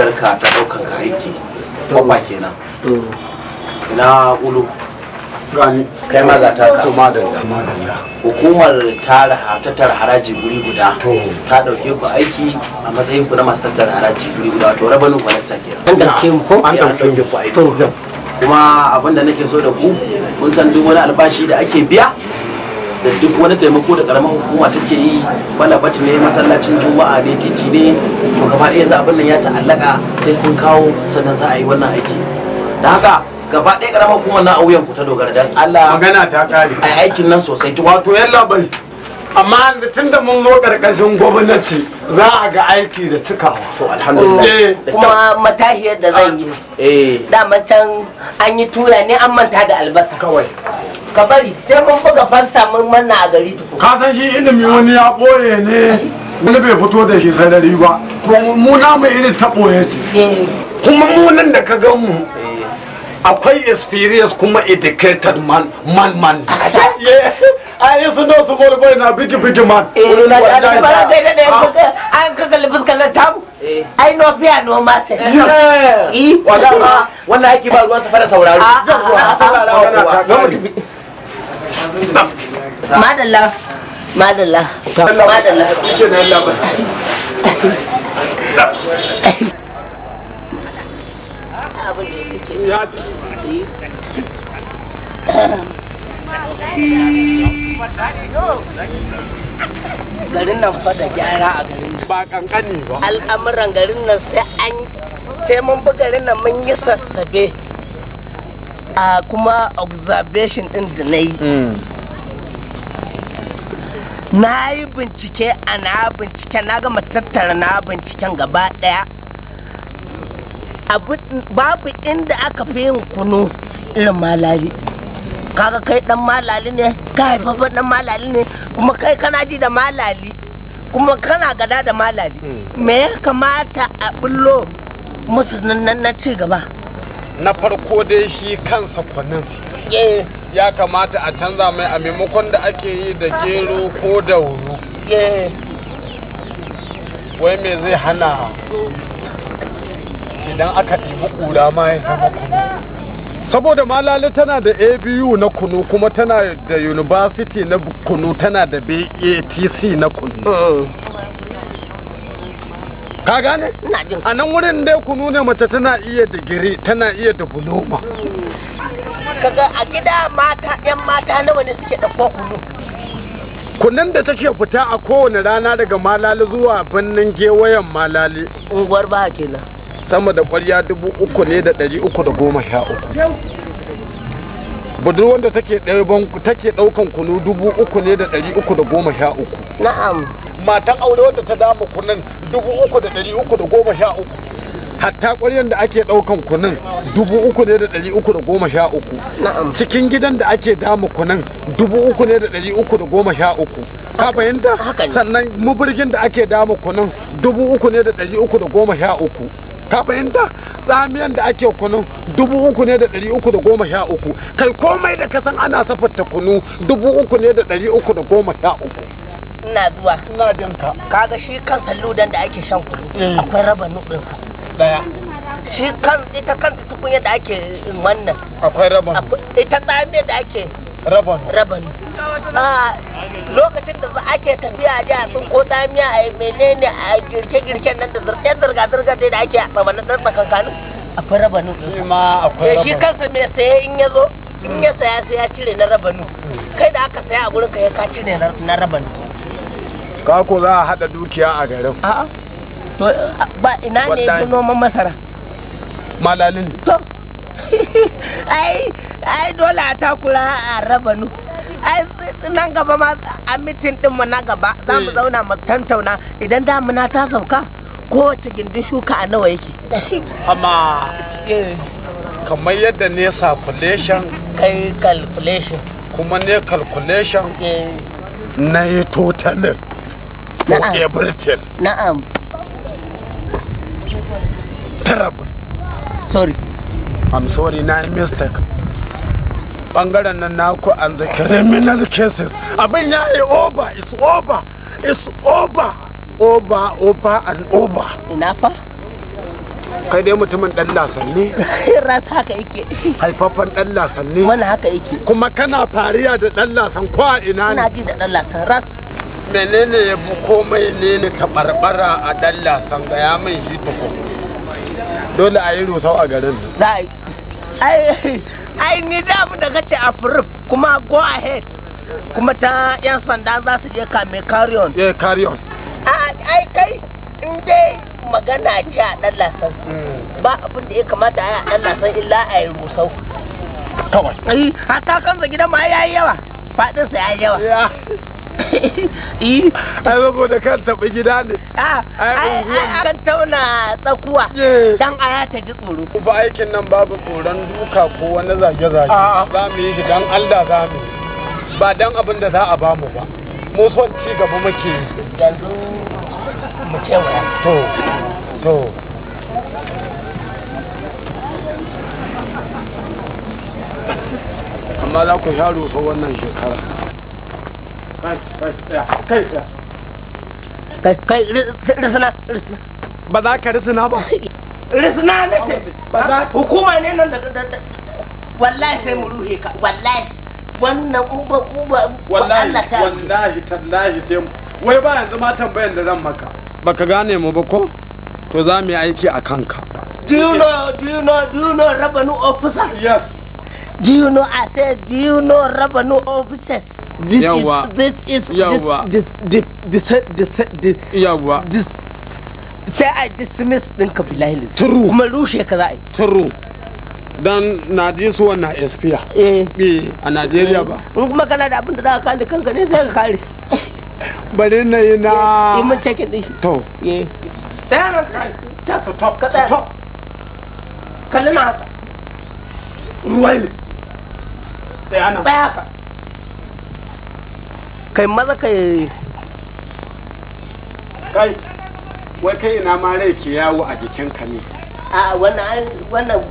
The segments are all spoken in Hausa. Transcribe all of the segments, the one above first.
takardar ta daukan ka aiki kwamba oh. kenan oh. na ulu kai ma ta kama da hukumar tara tattara haraji guri guda ta dauke ku aiki a matsayin ku na masu tattara haraji guri guda to rabanu collector kenan an dauke mu ko an dauke ku aiki kuma abinda nake so da ku mun san duk wani albashi da ake biya da duk wani taimako da karamar hukuma take yi Batu ne masallacin juma'a ne titi ne to gaba ɗaya yanzu abin nan ya ta'allaka sai kun kawo sannan za a yi wannan aiki da haka gaba ɗaya karamar hukumar na a ku ta dogara dan Allah magana ta kare ai aikin nan sosai wato yalla bai amma tun da mun zo karkashin gwamnati za a ga aiki da cikawa to alhamdulillah eh, kuma matahiyar da zan yi eh dama can an yi tura ne an manta da albasa kawai ka bari sai mun buga fasta mun manna a gari tuku ka san shi ilimi wani ya boye ne wani bai fito da shi sanari ba mu na mu irin ta ya ce eh. kuma mu nan da ka gan mu eh. akwai experience kuma educated man man man ai sun da su bori bori na bigi-bigi biki man eh na da da ba da da da an ka kalli fuskar nan tamu eh. ai no biya no ma sai eh wala eh. ma wannan aiki ba ruwan safara ah, ah, ah, madalla madalla madalla garin nan fa da gyara a garin nan ba kankani ba al'amuran garin nan sai an sai mun bi garin nan mun yi sassabe a kuma observation din da na yi hmm. na yi bincike a na bincike na gama tattara na binciken gaba daya babu inda aka fi yin kunu irin malali. kaga kai dan malali ne ka haifafan dan malali ne kuma kai kana ji da malali kuma kana gada da malali hmm. me ya kamata a bullo musu na ci gaba na farko dai shi kansa kwanin eh. ya kamata a canza mai a maimakon da ake yi da gero ko da wuru eh. wai me zai hana idan aka ɗibi ƙura ma ya zama saboda malali tana da abu na kunu kuma tana da university na kunu tana da batc na kunu ka gane a nan wurin dai kunu ne mace tana iya digiri tana iya da buloma kaga a gida mata yan mata nawa ne suke ɗauko kunu kunun da take fita a kowane rana daga malali zuwa birnin gewayen malali unguwar ba kenan sama da ƙwarya dubu uku ne da ɗari uku da goma sha uku budur wanda take take ɗaukan kunu dubu uku ne da ɗari uku da goma sha uku na'am matan aure wanda ta dama kunun dubu uku da ɗari uku da goma sha uku hatta ƙwaryan da ake ɗaukan kunun dubu uku ne da ɗari uku da goma sha uku cikin gidan da ake dama kunun dubu uku ne da ɗari uku da goma sha uku ka fahimta sannan mubirgin da ake dama kunun dubu uku ne da ɗari uku da goma sha uku ka fahimta tsamiyan da ake kunu dubu uku ne da ɗari uku da goma sha uku kai komai da kasan ana safarta kunu dubu uku ne da ɗari uku da goma sha uku ina zuwa ina jin ka kaga shi kan salludan da ake shan kunu eh. akwai raba su daya shi kan ita kan tukunya da ake wannan akwai raba ita tsamiyan da ake rabon rabon lokacin da za ake tafiya ji a tsinko tsamiya a menene a girke-girken nan da zirga-zirga da ake a tsamanin ɗan tsakankanin akwai rabanu shi ma akwai rabanu eh, shi kansa mai saye in ya zo in ya saya sai ya cire na rabanu hmm. kai da aka saya a gurin ka ka cire na rabanu ka ko za a haɗa dukiya a garin a'a to ba ina ne noman masara malalin to ai ai dole a takura a raba nu ai nan gaba ma a mitin din mu na gaba za mu eh. zauna mu tantauna idan damuna ta sauka kowace gindin shuka a nawa yake amma eh. kamar yadda ne calculation kai calculation kuma ne calculation eh. na yi totalin for everything na'am terrible sorry i'm sorry na mistake bangaren nan naku an the criminal cases abin ya yi over it's over it's over over over and over ina fa kai dai mutumin dan lasan ne ras haka yake haifafan dan lasan ne wani haka yake kuma kana fariya da dan lasan ko a ina ne ina ji da dan lasan ras menene ya fi komai ne ni tabarbara a dan lasan ga ya mai shi dole a yi rusau a garin za a yi ai ni da abin da a firif kuma go ahead kuma ta yan sanda za su je kame carry on eh carry ai kai in dai magana ce a dan lasan hmm. ba abin da ya kamata a dan lasan illa a yi rusau kawai ai kan kansa gidan ma yayi yawa fadin sa yayi yawa eh ai bago da kan tabi gida ne ah, ai kan tauna tsakuwa eh. dan aya ta ji tsoro ku ba aikin nan babu tsoron duka ko wani zage zage ah. za mu yi shi dan Allah za mu ba dan abin da za a ba mu ba mu son ci gaba muke yi yanzu mu kewaya to to amma za ku sha rufe wannan shekara kai kai risina ba za ka risina ba risina nake hukuma ne nan da wallahi sai mu ruhe ka wallahi wannan uba uba wallahi wallahi tallahi sai mu wai ba yanzu ma tambayan da zan maka baka gane mu ba ko to za mu yi aiki a kanka do you know do you know do you know revenue officer yes do you know i said do you know revenue officers this yawa this is yawa this this this this yawa this sai a dismiss din ka true kuma rushe ka za a yi true dan na ji su wannan espiya eh. eh a Najeriya ba eh. in kuma kana da abin da za ka kare kanka ne sai ka kare bari na yi na yi eh, mun check din shi to eh tsaya ka stop ka haka ruwa ne haka kai maza kai kai wai kai ina ma rai ke yawo a jikin ka ne a wannan wannan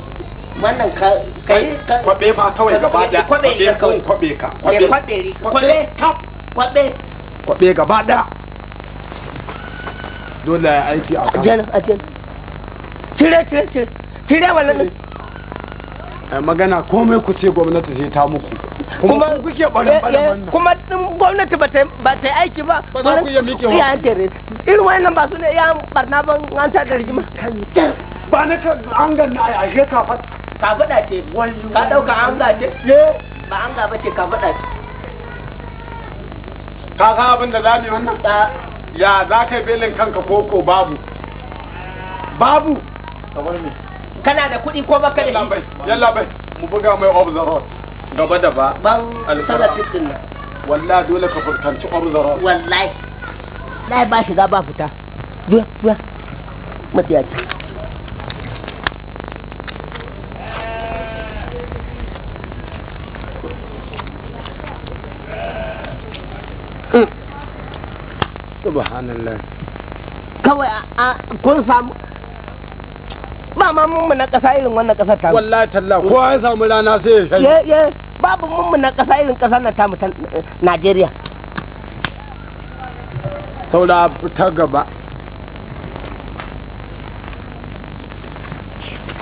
wannan ka kai ka kwabe ma kawai gaba da kwabe ka kwabe eh, ka kwabe ka kwabe kwabe kwabe kwabe kwabe gaba da dole ya aiki a kan ajiyar ajiyar cire cire cire cire wannan eh, magana komai ku ce gwamnati zai ta muku kuma kuke kuma gwamnati ba ta yi aiki ba ba za ku iya tere irin ba su ne barna an ta da rigima ba na ka an ganna a ka fa ka faɗa ce ka ɗauka an ga ce ba an ga ka faɗa ce ka san abin da zamu wannan ya za ka yi belin kanka babu babu kana da kuɗi ko baka da yalla bai yalla bai mu buga mai off the road gaba da ba ban dole ka furkanci ƙwarzara wallahi lai ba shiga ba fita duwa duwa matiyaci subhanallah kawai kun samu ba ma mun na kasa irin wannan kasar ta wallahi talla ko ya samu rana sai ya shayi ye ye babu mun na kasa irin kasar na ta ta Najeriya saura ta gaba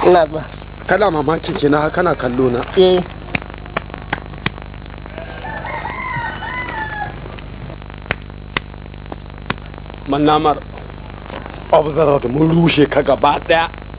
ina ba kana mamakin na kana kallo na eh man namar observer mun rushe ka gaba daya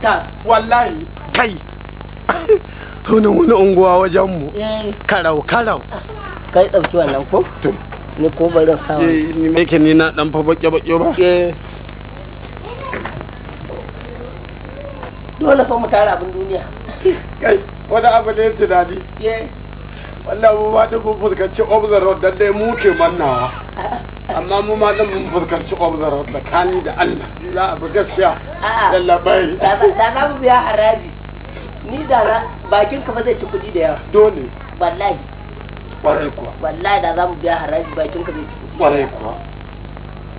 ta wallahi kai hunan wani unguwa wajen eh. karau karau kai dauki wannan ko to ni ko barin sawa eh, ni ni na dan fa bakke bakke ba eh. dole fa mu tara abin duniya kai wani abu ne tunani wallahi ba da fuskanci dai mu ke mannawa amma mu ma dan mun fuskanci da kani da Allah za a gaskiya yalla bai da za mu biya haraji ni da bakin ka zai ci kuɗi da yawa dole wallahi kwarai kuwa wallahi da za mu biya haraji bakin ka zai ci kuɗi kwarai kuwa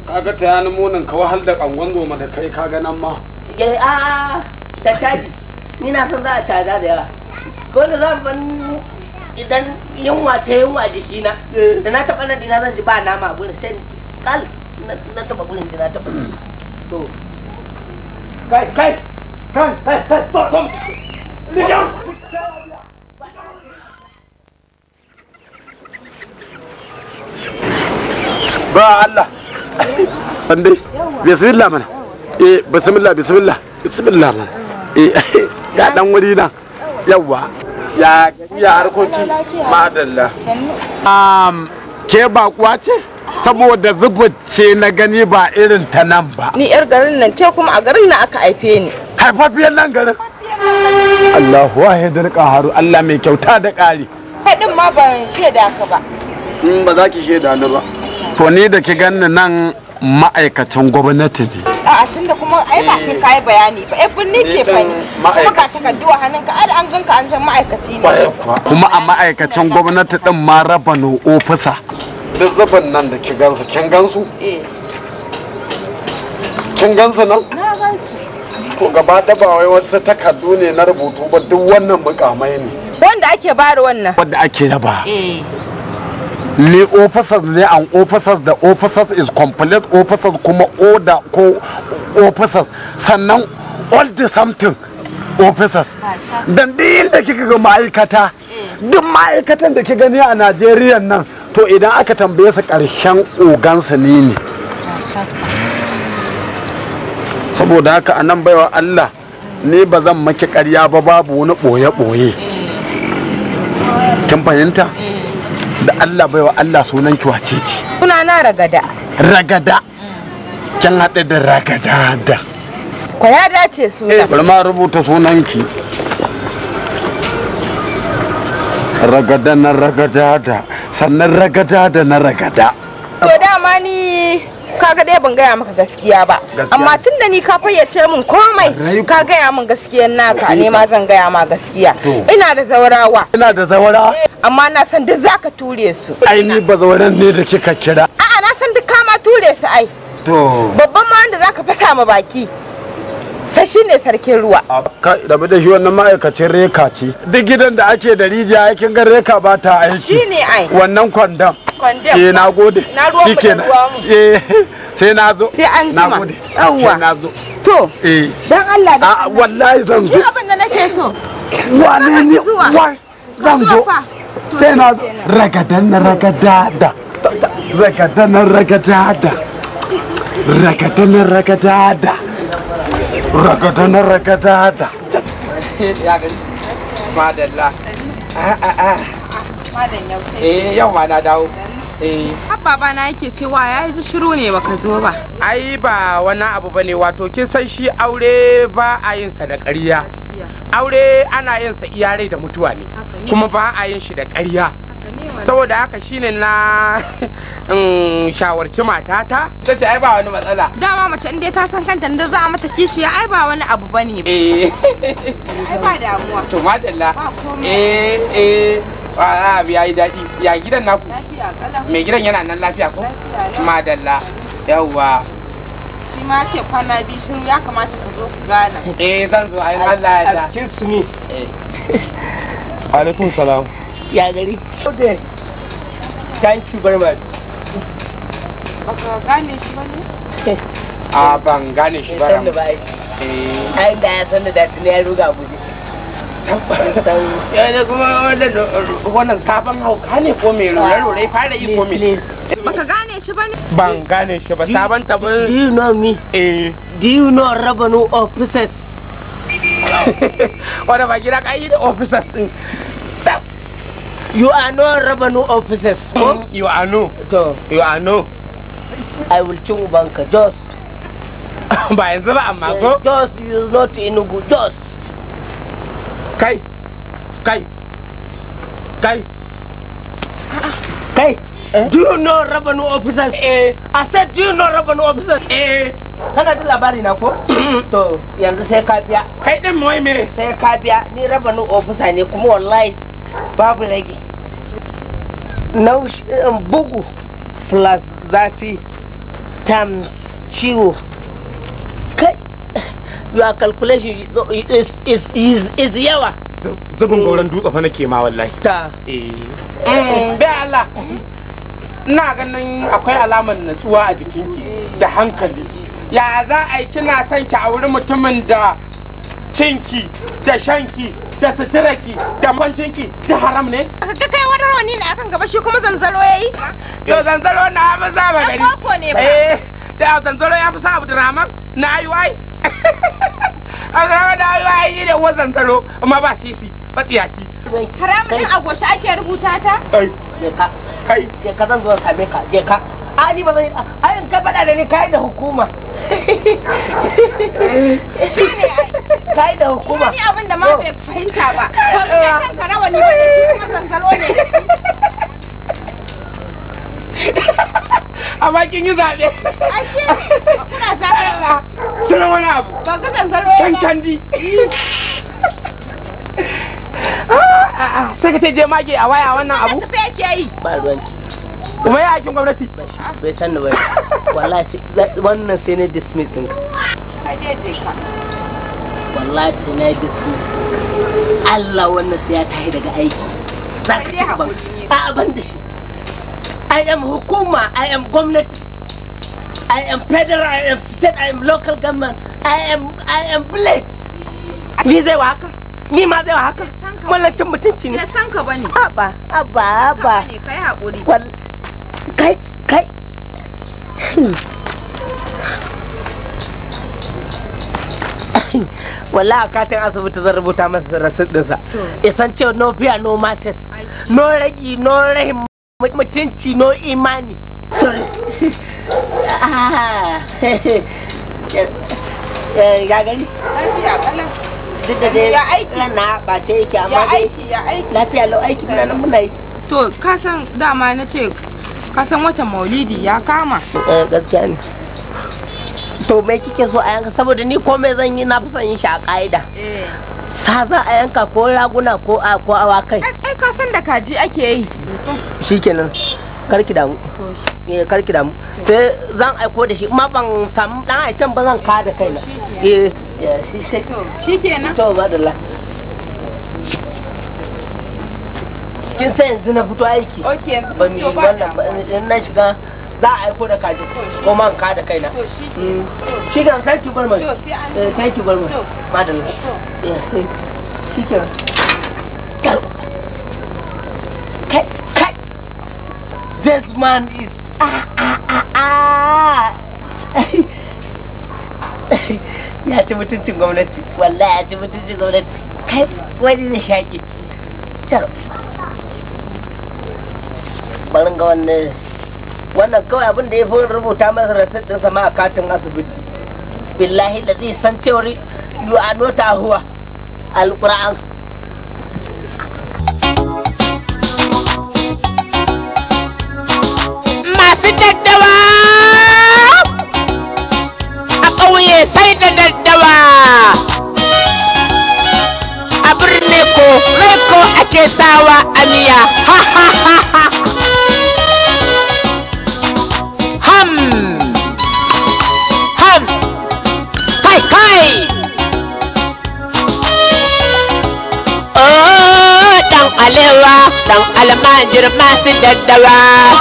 kaga ta yana munin ka wahal da kangon goma da kai kaga nan ma eh a ta caji ni na san za a caja da yawa ko da za mu idan yunwa ta yunwa jikina da na taɓa nan dina zan ji ba nama gurin sai kal na taɓa gurin dina taɓa to kai kai kai kai kai to to lijan ba Allah bandai bismillah mana eh bismillah bismillah bismillah mana eh ga dan wuri na yawa ya ya harkoki madalla um, ke kuwa ce saboda ce na gani ba irin ta nan ba ni yar garin nan ce kuma a garin nan aka haife ni haifafiyar nan garin Allahu wahidul qaharu Allah mai kyauta da ƙari faɗin ma ban shaida ka ba in mm, ba za ki shaida ni ba to ni da ki ganni nan ma'aikacin gwamnati ne a'a tunda kuma ai bayani eh, a a ma'aikacin gwamnati din ma raba no ofisa duk zaban nan da ki gansu kin gansu eh. kin gansu nan na gaba da ba wai wasu takardu ne na rubutu ba duk wannan mukamai ne wanda ake bayar wannan wanda ake raba eh le officers ne an officers da officers is complete officers kuma order ko officers sannan all the something officers dan da kika ga ma'aikata duk ma'aikatan da ki gani a najeriya nan to idan aka tambaye su ƙarshen ogansa ne ne saboda haka a nan baiwa allah ne ba zan maki ƙarya ba babu wani ɓoye-ɓoye kin fahimta? da Allah wa Allah sunan ki wace ce kuna na ragada ragada kin haɗe da ragada da ko ya dace sunan eh, bari ma rubuta sunan ki ragada na ragada da sannan ragada da na ragada Ka ga dai ban gaya maka gaskiya ba amma tun da ni ka fayyace min komai ka gaya min gaskiyan naka ne ma zan gaya ma gaskiya ina da zaurawa ina da zaura. amma na san duk zaka ture su ai ni ba zauren ne da kika kira a'a na san duk kama ture su ai to babban ma wanda zaka fasa ma baki sai shi ne sarkin ruwa. Rabu da shi wannan ma'aikacin reka ce. Duk gidan da ake da rijiya kin ga reka ba ta aiki. Shi ne ai. Wannan kwandam. eh na gode shikenan eh sai na zo sai an jima yawwa na zo to eh dan Allah da ah, wallahi zan zo abin da nake so wane zan zo sai na zo ragadan ragadada ragadan ragadada ragadan ragadada ragadan ragadada ya gani madalla ah, ah, Eh yau ma na dawo. Eh. Abba na yake cewa ya ji shiru ne baka zo ba. Ai ba wani abu bane wato kin san shi aure ba a yin sa da ƙarya. Aure ana yin sa iyarai da mutuwa ne. Kuma ba a yin shi da ƙarya. saboda haka shine na shawarci matata ta ce ai ba wani matsala dama mace inda ta san kanta da za a mata kishiya ai ba wani abu ba ne eh. ai ba damuwa to madalla eh eh ah, abu ya yi daɗi ya gidan naku mai gidan yana nan lafiya ko madalla yawwa shi ma ce kwana biyu shi ya kamata ka zo ku gana eh zan zo ai Allah ya da kin sumi alaikum salam ya gari thank you very much baka gane shi ba ne a ah, ban gane shi ba ran eh. ai da ya san da dadi ya ruga guje ya da kuma wannan sabon hauka ne ko mai rore-rore fara yi ko mai baka gane shi ba ne ban gane shi ba sabon tabin do you know me eh do you know revenue officers wanda ba gida kai da officers din you are no revenue officers ko hmm. you are no to you are no i will cin ubanka jos ba yanzu ba amma ko jos you not inugu jos kai kai kai kai eh? Do you know revenue officers? Eh. I said, do you know revenue officers? Eh. Kana ji labari na ko? Mm-hmm. To, yanzu sai ka biya. Kai din mai me? Sai ka biya. Ni revenue officer ne kuma wallahi babu rage naushin bugu plus zafi times ciwo kai your calculation is, is, is, is yawa zubin goron dutse fa nake ma wallahi ta eh Allah ina ganin akwai alamar natsuwa a jikinki da hankali ya za a yi kina son ki a wurin mutumin da cinki da shanki da suturarki da kwancinki da haram ne? Ka kai wani ne akan gaba shi kuma zanzaro ya yi? To zanzaro na fi za ba gari. Ɗan ne ba. Eh, da zanzaro ya fi sa drama na IY. Abdurrahman na IY yi da uwar zanzaro amma ba sisi ba tsiyaci. Haramun a goshi ake rubuta ta? Kai, je ka. Kai. Je ka zan zo same ka, je ka. a ni ba zai a in ka faɗa da ni kai da hukuma kai da hukuma ni abin da ma bai fahimta ba eh. kanka rawa ne ba shi kuma kankaro ne amma kin yi zaɓe a ce kuna zaɓe suna wani abu ba ka kankaro ba kankandi ah, ah, ah. sai ka ce je mage a waya wannan abu ba ruwanki kuma ya aikin gwamnati bai san ba wallahi wannan sai na dismiss din wallahi sai na dismiss Allah wannan sai ya tahi daga aiki za ka ci ban a ban da shi I am hukuma I am gwamnati I am federal I am state I am local government I am I am village ni zai wa haka ni ma zai wa haka mallacin mutunci ne san ka bane abba abba abba kai hakuri kai kai wala a katin asibiti zan rubuta masa rasid dinsa isan cewa no fear no masses no ragi no rahim mutunci no imani sorry ya duk da dai rana yake amma lafiya aiki muna nan muna yi to ka san dama na ce ka san watan maulidi ya kama eh gaskiya ne to me kike so a yanka saboda ni komai zan yi na fi son yin shi a ka'ida eh. sa za a yanka ko raguna ko a ko kai ai ka san da kaji ake yi shikenan karki damu eh karki damu sai zan aiko da shi ma ban samu dan aikin ba zan ka da kaina eh, eh shikenan to madalla kin san yanzu na fito aiki ban ni wannan in na shiga za a aiko da kaji ko man ka da kaina shi mm. thank you very much eh, thank you very much madam shi kai this man is ah ah ah ah ya ci mutuncin gwamnati wallahi ya ci mutuncin gwamnati kai wani ne barin ga wanne wannan kawai abin da ya fi rubuta masa rasit ɗinsa ma a katin asibiti billahi da zai san cewar you a nota huwa alƙur'an masu daddawa a ƙauye sai da daddawa a birni ko ko ake sawa aniya ha ha ha ha ham ham kai kai oh dan alewa dan almajir masu daddawa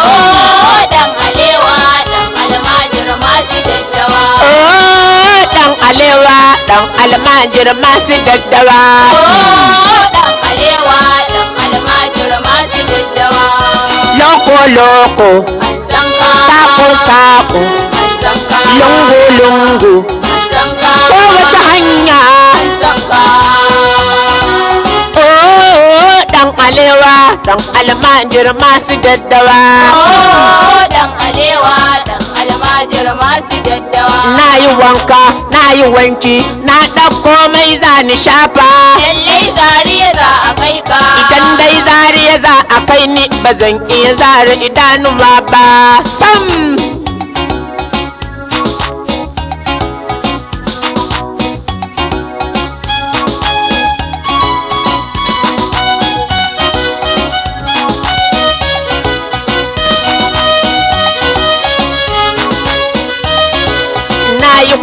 oh dan alewa dan almajir masu daddawa oh dan alewa dan almajir masu daddawa oh dan alewa dan almajir masu daddawa loko loko sako saƙo lungu-lungu kowace hanya dan oh, alewa dan almanjir masu daddawa dan oh, alewa dan tumatir masu daddawa na yi wanka na yi wanki na ɗauko mai za ni shafa lallai zariya za a kai ka idan dai zariya za a kai ni ba zan iya idanun ba sam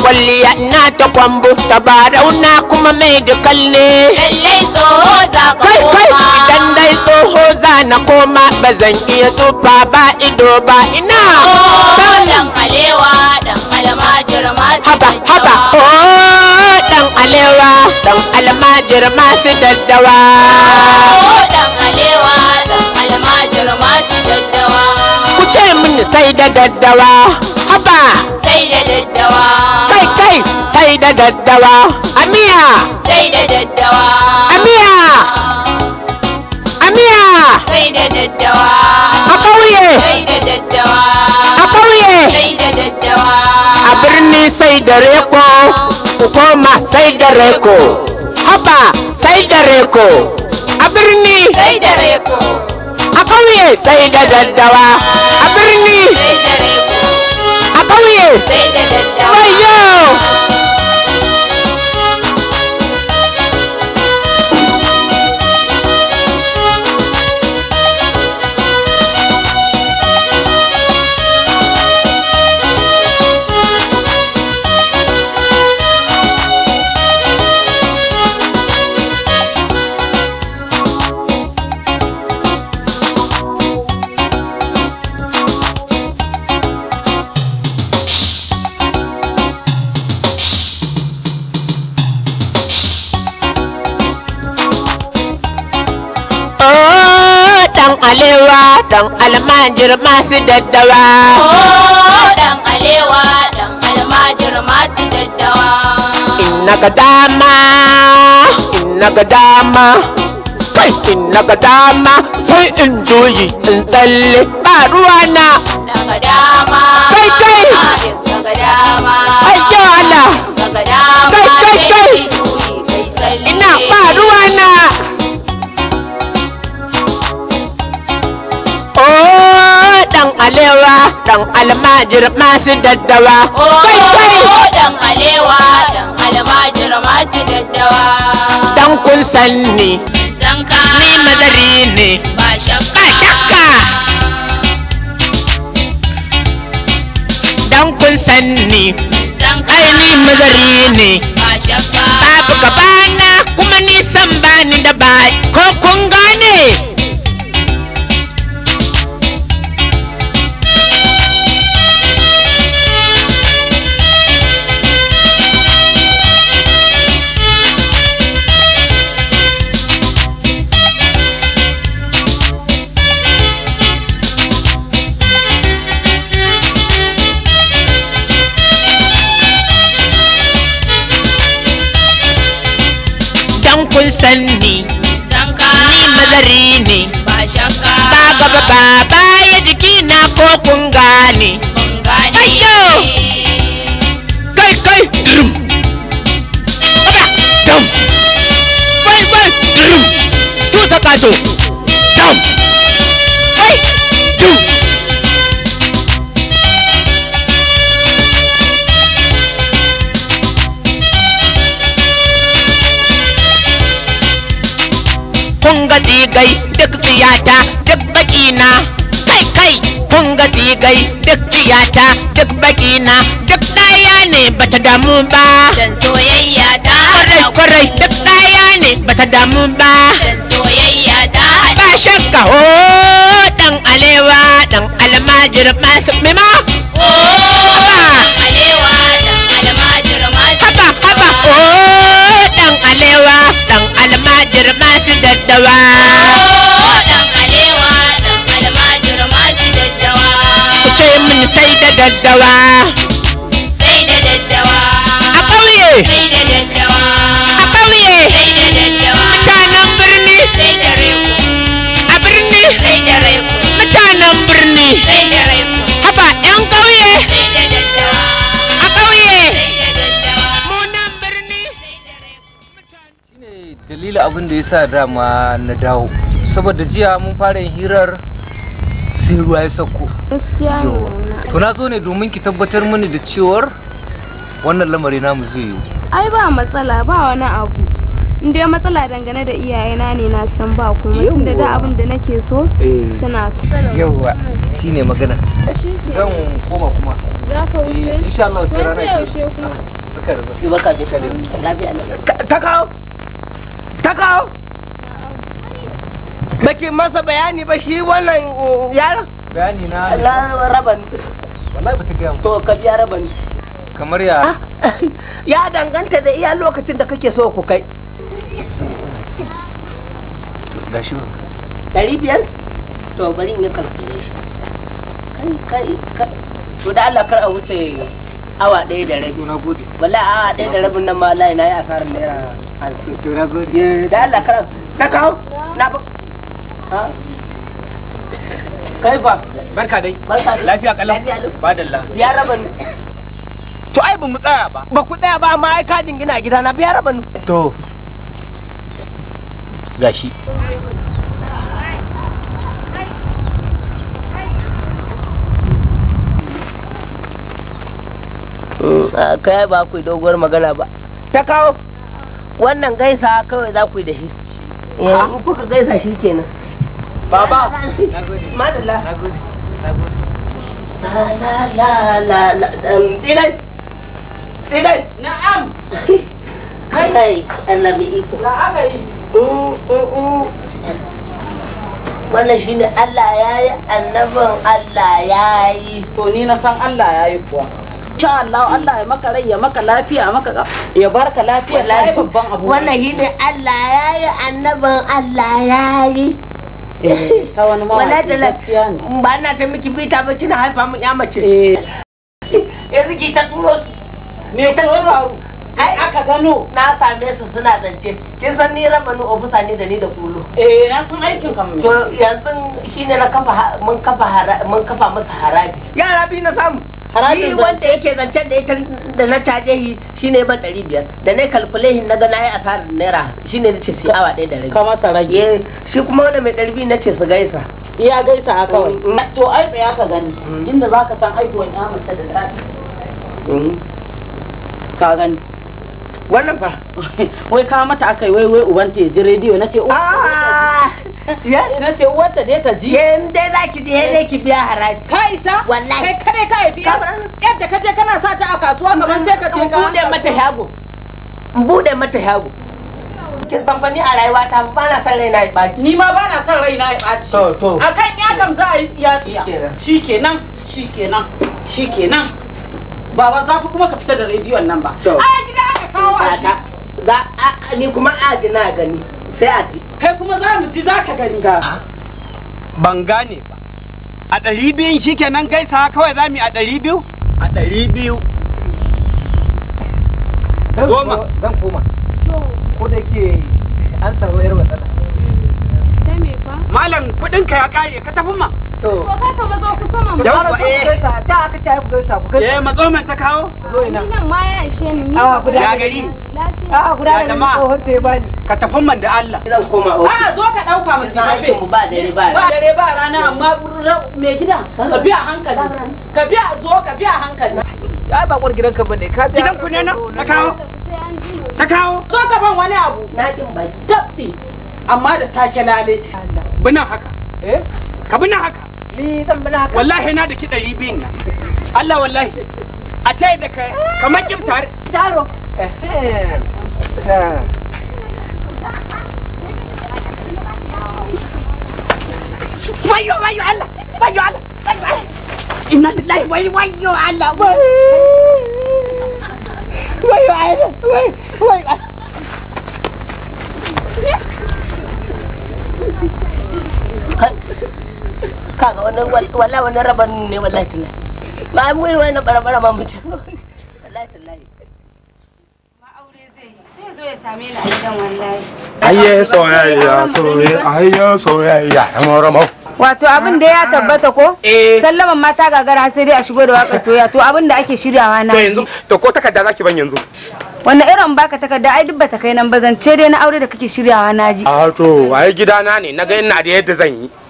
kwalliya ina ta kwambo tabarau na kuma mai da kalle lallai tsoho za ka kai kai idan dai tsoho za na koma ba zan iya tsofa ba ido ba ina oh, dan alewa dan almajir masu haba haba oh dan alewa dan almajir daddawa oh, dan alewa dan almajir daddawa ce min sai da daddawa haba sai da daddawa kai kai sai da daddawa amiya sai da daddawa amiya amiya sai da daddawa a kauye sai da daddawa a kauye sai da daddawa a birni sai da reko ku koma sai da reko haba sai da reko a birni sai da reko ƙauye sai da daddawa a birni a ƙauye mai yau Oh, alewa dan almajir masu daddawa inna ga dama inna ga dama kai inna ga dama sai in joyi in tsalle ba ruwa na ga dama kai kai inna ga dama dan almajir masu daddawa kai kai oh, dan alewa dan almajir masu daddawa dan kun sanni dan ka ni madari ne ba shakka dan kun sanni ka ni madari ne babu gabana kuma ni san bani da ba. ko kun ga sun san ni ni mazari ne ba ba ba ya jiki na ko kun gane ayyo kai kai drum baba dam kai kai durum tusa kaso dam tsigai duk tsiyata duk bakina kai kai kun ga tsigai duk tsiyata duk bakina duk daya ne bata damu ba dan soyayya ta kwarai kwarai duk daya ne bata damu ba dan soyayya ta ba shakka ho oh, dan alewa dan almajir masu mima oh sa dama na dawo saboda jiya mun fara yin hirar sai ruwa ya sauko gaskiya ne to na zo ne domin ki tabbatar mini da cewar wannan lamari namu zai yi ai ba matsala ba wani abu inda matsala dangane da iyayena ne na san ba kuma tunda da abin da nake so eh. suna yawa shine magana zan koma kuma za ka wuce eh, insha Allah sai rana yaushe kuma baka da ka kawo ta kawo ce masa bayani ba shi wannan uh, yaron bayani na raban wallahi ba su gaya to ka biya raban kamar ya ah, ya danganta da iya lokacin da kake so ku kai ga shi ba. Dari biyar to bari in yi calculation kai kai kai. to da Allah kar a wuce awa ɗaya da rabi na gode wallahi awa ɗaya da rabin nan ma wallahi na yi asarar naira na gode eh, da Allah kar ta kawo na ba. kai ba barka dai lafiya kalam ba dalla ya raba ni to ai ba mu tsaya ba ba ku tsaya ba amma ai kajin gina gida na biya raba ni to gashi kai ba ku doguwar magana ba ta kawo wannan gaisa kawai za ku yi da shi kuka gaisa shi kenan Baba. Madalla. La la la la Tsirai. Tsirai. Na'am. Kai. Allah mai iko. La aka yi. Mm, mm, mm. Wannan shine Allah ya yi annabin Allah ya yi. To ni na san Allah ya yi kuwa. Insha Allah Allah ya maka rai ya maka lafiya maka ya barka lafiya lafiya babban abu. Wannan shine Allah ya yi annabin Allah ya yi. Eh, ta wani mawaki gaskiya ne ba na ta miki bita ba kina haifa min ya mace eh. yanzu ki ta turo su. ne ta turo ai aka gano na same su suna zance kin san ni raba ni ofisa ne da ni da kulo eh na san aikin kan to yanzu shine na kafa mun kafa mun kafa masa haraji yara bi na samu harajin wanda yake zancen da ita da na caje shi shine ban 500 da na kalkulehin na ga na yi asarar naira shine nace sai awa ɗaya da rabi ka masa rage eh, shi kuma wanda mai ɗarbi nace su gaisa iya gaisa a kawai mm, mm. to ai tsaya ka gani mm. inda zaka san aihuwan ya mace da zafi ka gani wannan fa wai ka mata akai wai wai ubanta ya ji rediyo nace uwa oh, ah! Ina ce wata dai ta ji. Yan dai za ki je ne ki biya haraji. Ka isa? Wallahi. Kai kare ka biya. Yadda ka je kana sa ta a kasuwa mm, kamar sai ka ce ka. Bude mata yago. Bude mata yago. Kin san fa ni a rayuwa ta ba na san raina ya ɓaci. Ni ma ba na san raina ya ɓaci. To to. Akan yakan za a yi tsiya tsiya. Shikenan. Shikenan. Shikenan. Baba za ku kuma ka fita da rediyon nan ba. Ai gida aka kawo a ji. Za ni kuma a ji na gani. Sai a ji. kai kuma za mu ji za ka gani ah, ban gane ba a ɗari biyun shi kenan gaisa kawai za mu yi a ɗari biyu a ɗari biyu goma zan koma ko da ke an samu yar matsala malam kuɗinka ya ƙare ka tafi ma To kai ka mazo ku sama mu fara eh. ku gaisa. Ta aka ci ku eh, mazo ta kawo? Zo ina. Nan ma ya ishe ni. A'a guda. Ya gari. A'a guda da ni ko hote ba ni. Ka tafi man da Allah. Zan koma A'a zo ka dauka mu sai ba dare ba. Ba dare ba rana amma gida ka biya hankali. Ka biya zo ka biya hankali. Ai ba kwar bane ka biya. Gidan ku ne na ta kawo. Ta kawo. Zo ka ban wani abu. Na kin baki. Dabbi. Amma da sake lale. Bina haka. Eh? ka bi na haka ni zan bi na haka wallahi na da ki ɗari biyun nan Allah wallahi a taya da kai kamar kim tare taro wayo wayo Allah wayo Allah wayo Allah inna lillahi wayo wayo Allah wayo Allah wayo wayo kaga wannan wallahi wannan raban ne Wala tallahi ba ai wani wannan barabara ba mutum Wala tallahi ma zai zai zo ya same ni a gidan wallahi ayye soyayya soyayya ayye soyayya ramo wato abin da ya tabbata ko eh. sallaman mata gagara sai dai a shigo da wakar soyayya to abin da ake shiryawa na to yanzu to ko takarda zaki ban yanzu wanne irin baka takarda ai duk bata kai nan ba zan ce dai na aure da kake shiryawa naji a ah, to ai gidana ne na ga ina da yadda zan yi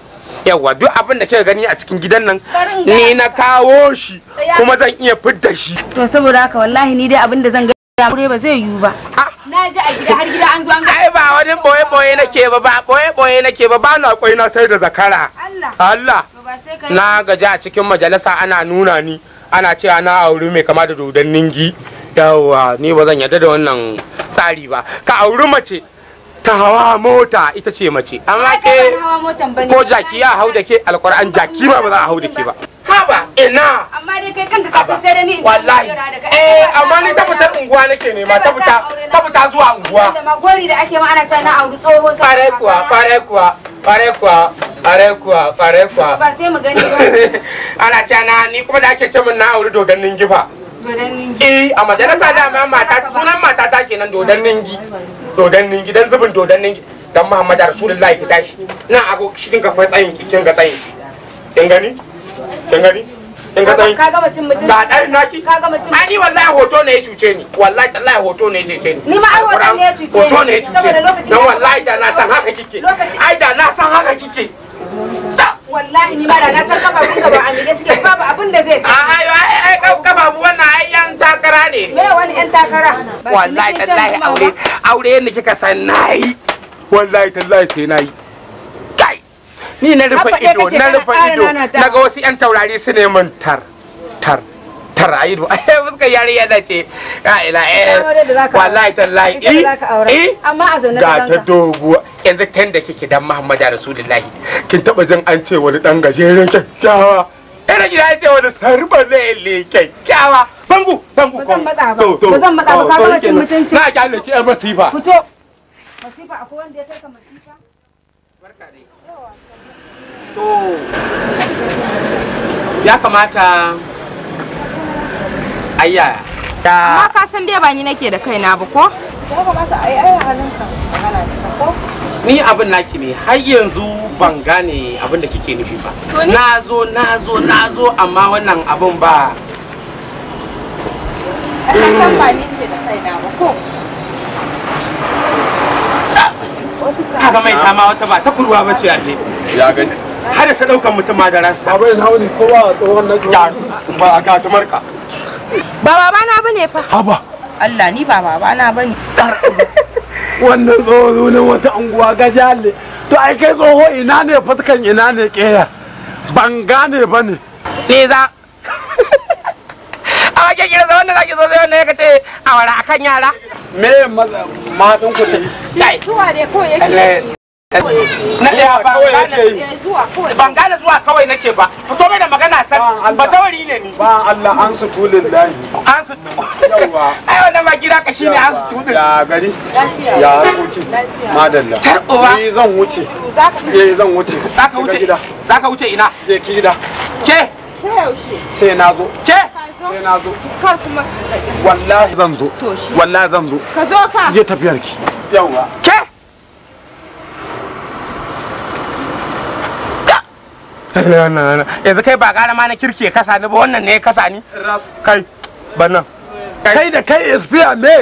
yawa duk abinda da kika gani a cikin gidan nan ni na kawo shi kuma zan iya fidda shi to saboda haka wallahi ni dai abin da zan ga kure ba zai yiwu ba na ji a gida har gida an zo an ga ai ba wani boye boye nake ba ba boye boye nake ba ba na koyi na sai da zakara Allah Allah na gaji a cikin majalisa ana nuna ni ana cewa na auri mai kama da dodannin ningi yawa ni ba zan yarda da wannan tsari ba ka auri mace ta hawa mota ita ce mace amma ke ko jaki ya hau da ke alkur'an jaki ma ba za a hau da ke ba haba ina amma dai kai kanka ka fitar da eh, ni wallahi eh amma ni ta fita. unguwa nake nema ta fita ta fita zuwa unguwa da magori da ake ma ana cewa na auri tsoho kwarai kuwa kwarai kuwa kwarai kuwa kwarai kuwa kwarai kuwa ba sai mu gani ba ana cewa ni kuma da ake ce min na auri dodannin gifa dodannin eh a majalisa da ma mata sunan mata ta kenan dodannin gi dodan ningi dan zubin dodan ningi dan Muhammad Rasulullahi ki tashi na ago cikin ka fai tsayin kin ga tsayin kin gani kin gani kin ga tsayin ka ga mutum mutum ga dan naki ka ga mutum ani wallahi hoto ne ya cuce ni wallahi tallahi hoto ne ya cuce ni ni ma ai hoto ne ya cuce ni hoto ne ya cuce ni dan wallahi da na san haka kike ai da na san haka kike wallahi ni ma da na san kafa kun ga ba amige suke babu abin da zai a ai ai kafa mu wannan ai takara ne me wani yan takara wallahi tallahi aure aure ne kika san nayi wallahi tallahi sai nayi kai ni na rufe ido na rufe ido naga wasu yan taurari su ne mun tar tar tar a ido ai fuskar yare yana ce ya ila eh wallahi tallahi eh, eh amma a zaune da ta doguwa yanzu tan da kike dan Muhammadu Rasulullahi kin taba jin an ce wani dan gajeren kyakkyawa Ina gida ce wani sarba ne kyakkyawa bangu bangu ko to to ba zan matsa ba ka ga oh, cin mutunci na ki Allah ki yar masifa fito masifa akwai wanda ya kai ka masifa barka dai to ya kamata ayya ta amma ka san dai ba ni nake da kaina ba ko ya kamata ai ai halinka magana ta ko ni abin naki ne har yanzu ban gane abin da kike nufi ba na zo na zo na zo amma wannan abin ba Ɗan ba ni ce da kaina ba ko? Kaga mai ma wata ba ta kurwa ba ce a ce. Ya gani. Hada ta ɗaukan mutum ma da ransa. Baba yanzu hauni kowa a tsohon na tsohon. Ba a katumar ka. Ba babana ba ne fa. Haba. Allah ni ba babana ba ne. Wannan tsohon zunin wata unguwa gajalle. To ai kai tsoho ina ne fatkan ina ne keya. Ban gane ba ne. Ne za ake kira da wannan zaki zo sai wannan ya kace awara kan yara me matan ku ne kai zuwa ne ko yake na ɗaya ba ban gane zuwa kawai nake ba fito mai da magana san ba tawari ne ni ba Allah an su tulin lahi an su yawa ai wannan ma gida ka shine an su tulin ya gari ya wuce, madalla tarbuwa ni zan wuce eh zan wuce zaka wuce zaka wuce ina je ki gida ke sai na zo ke sai na zo ka kuma wallahi zan zo wallahi zan zo ka zo fa! je tafiyar ki yawa ke yanzu kai ba gara ma na kirke kasa ni ba wannan ne ya kasa ni kai bannan kai da kai espiya me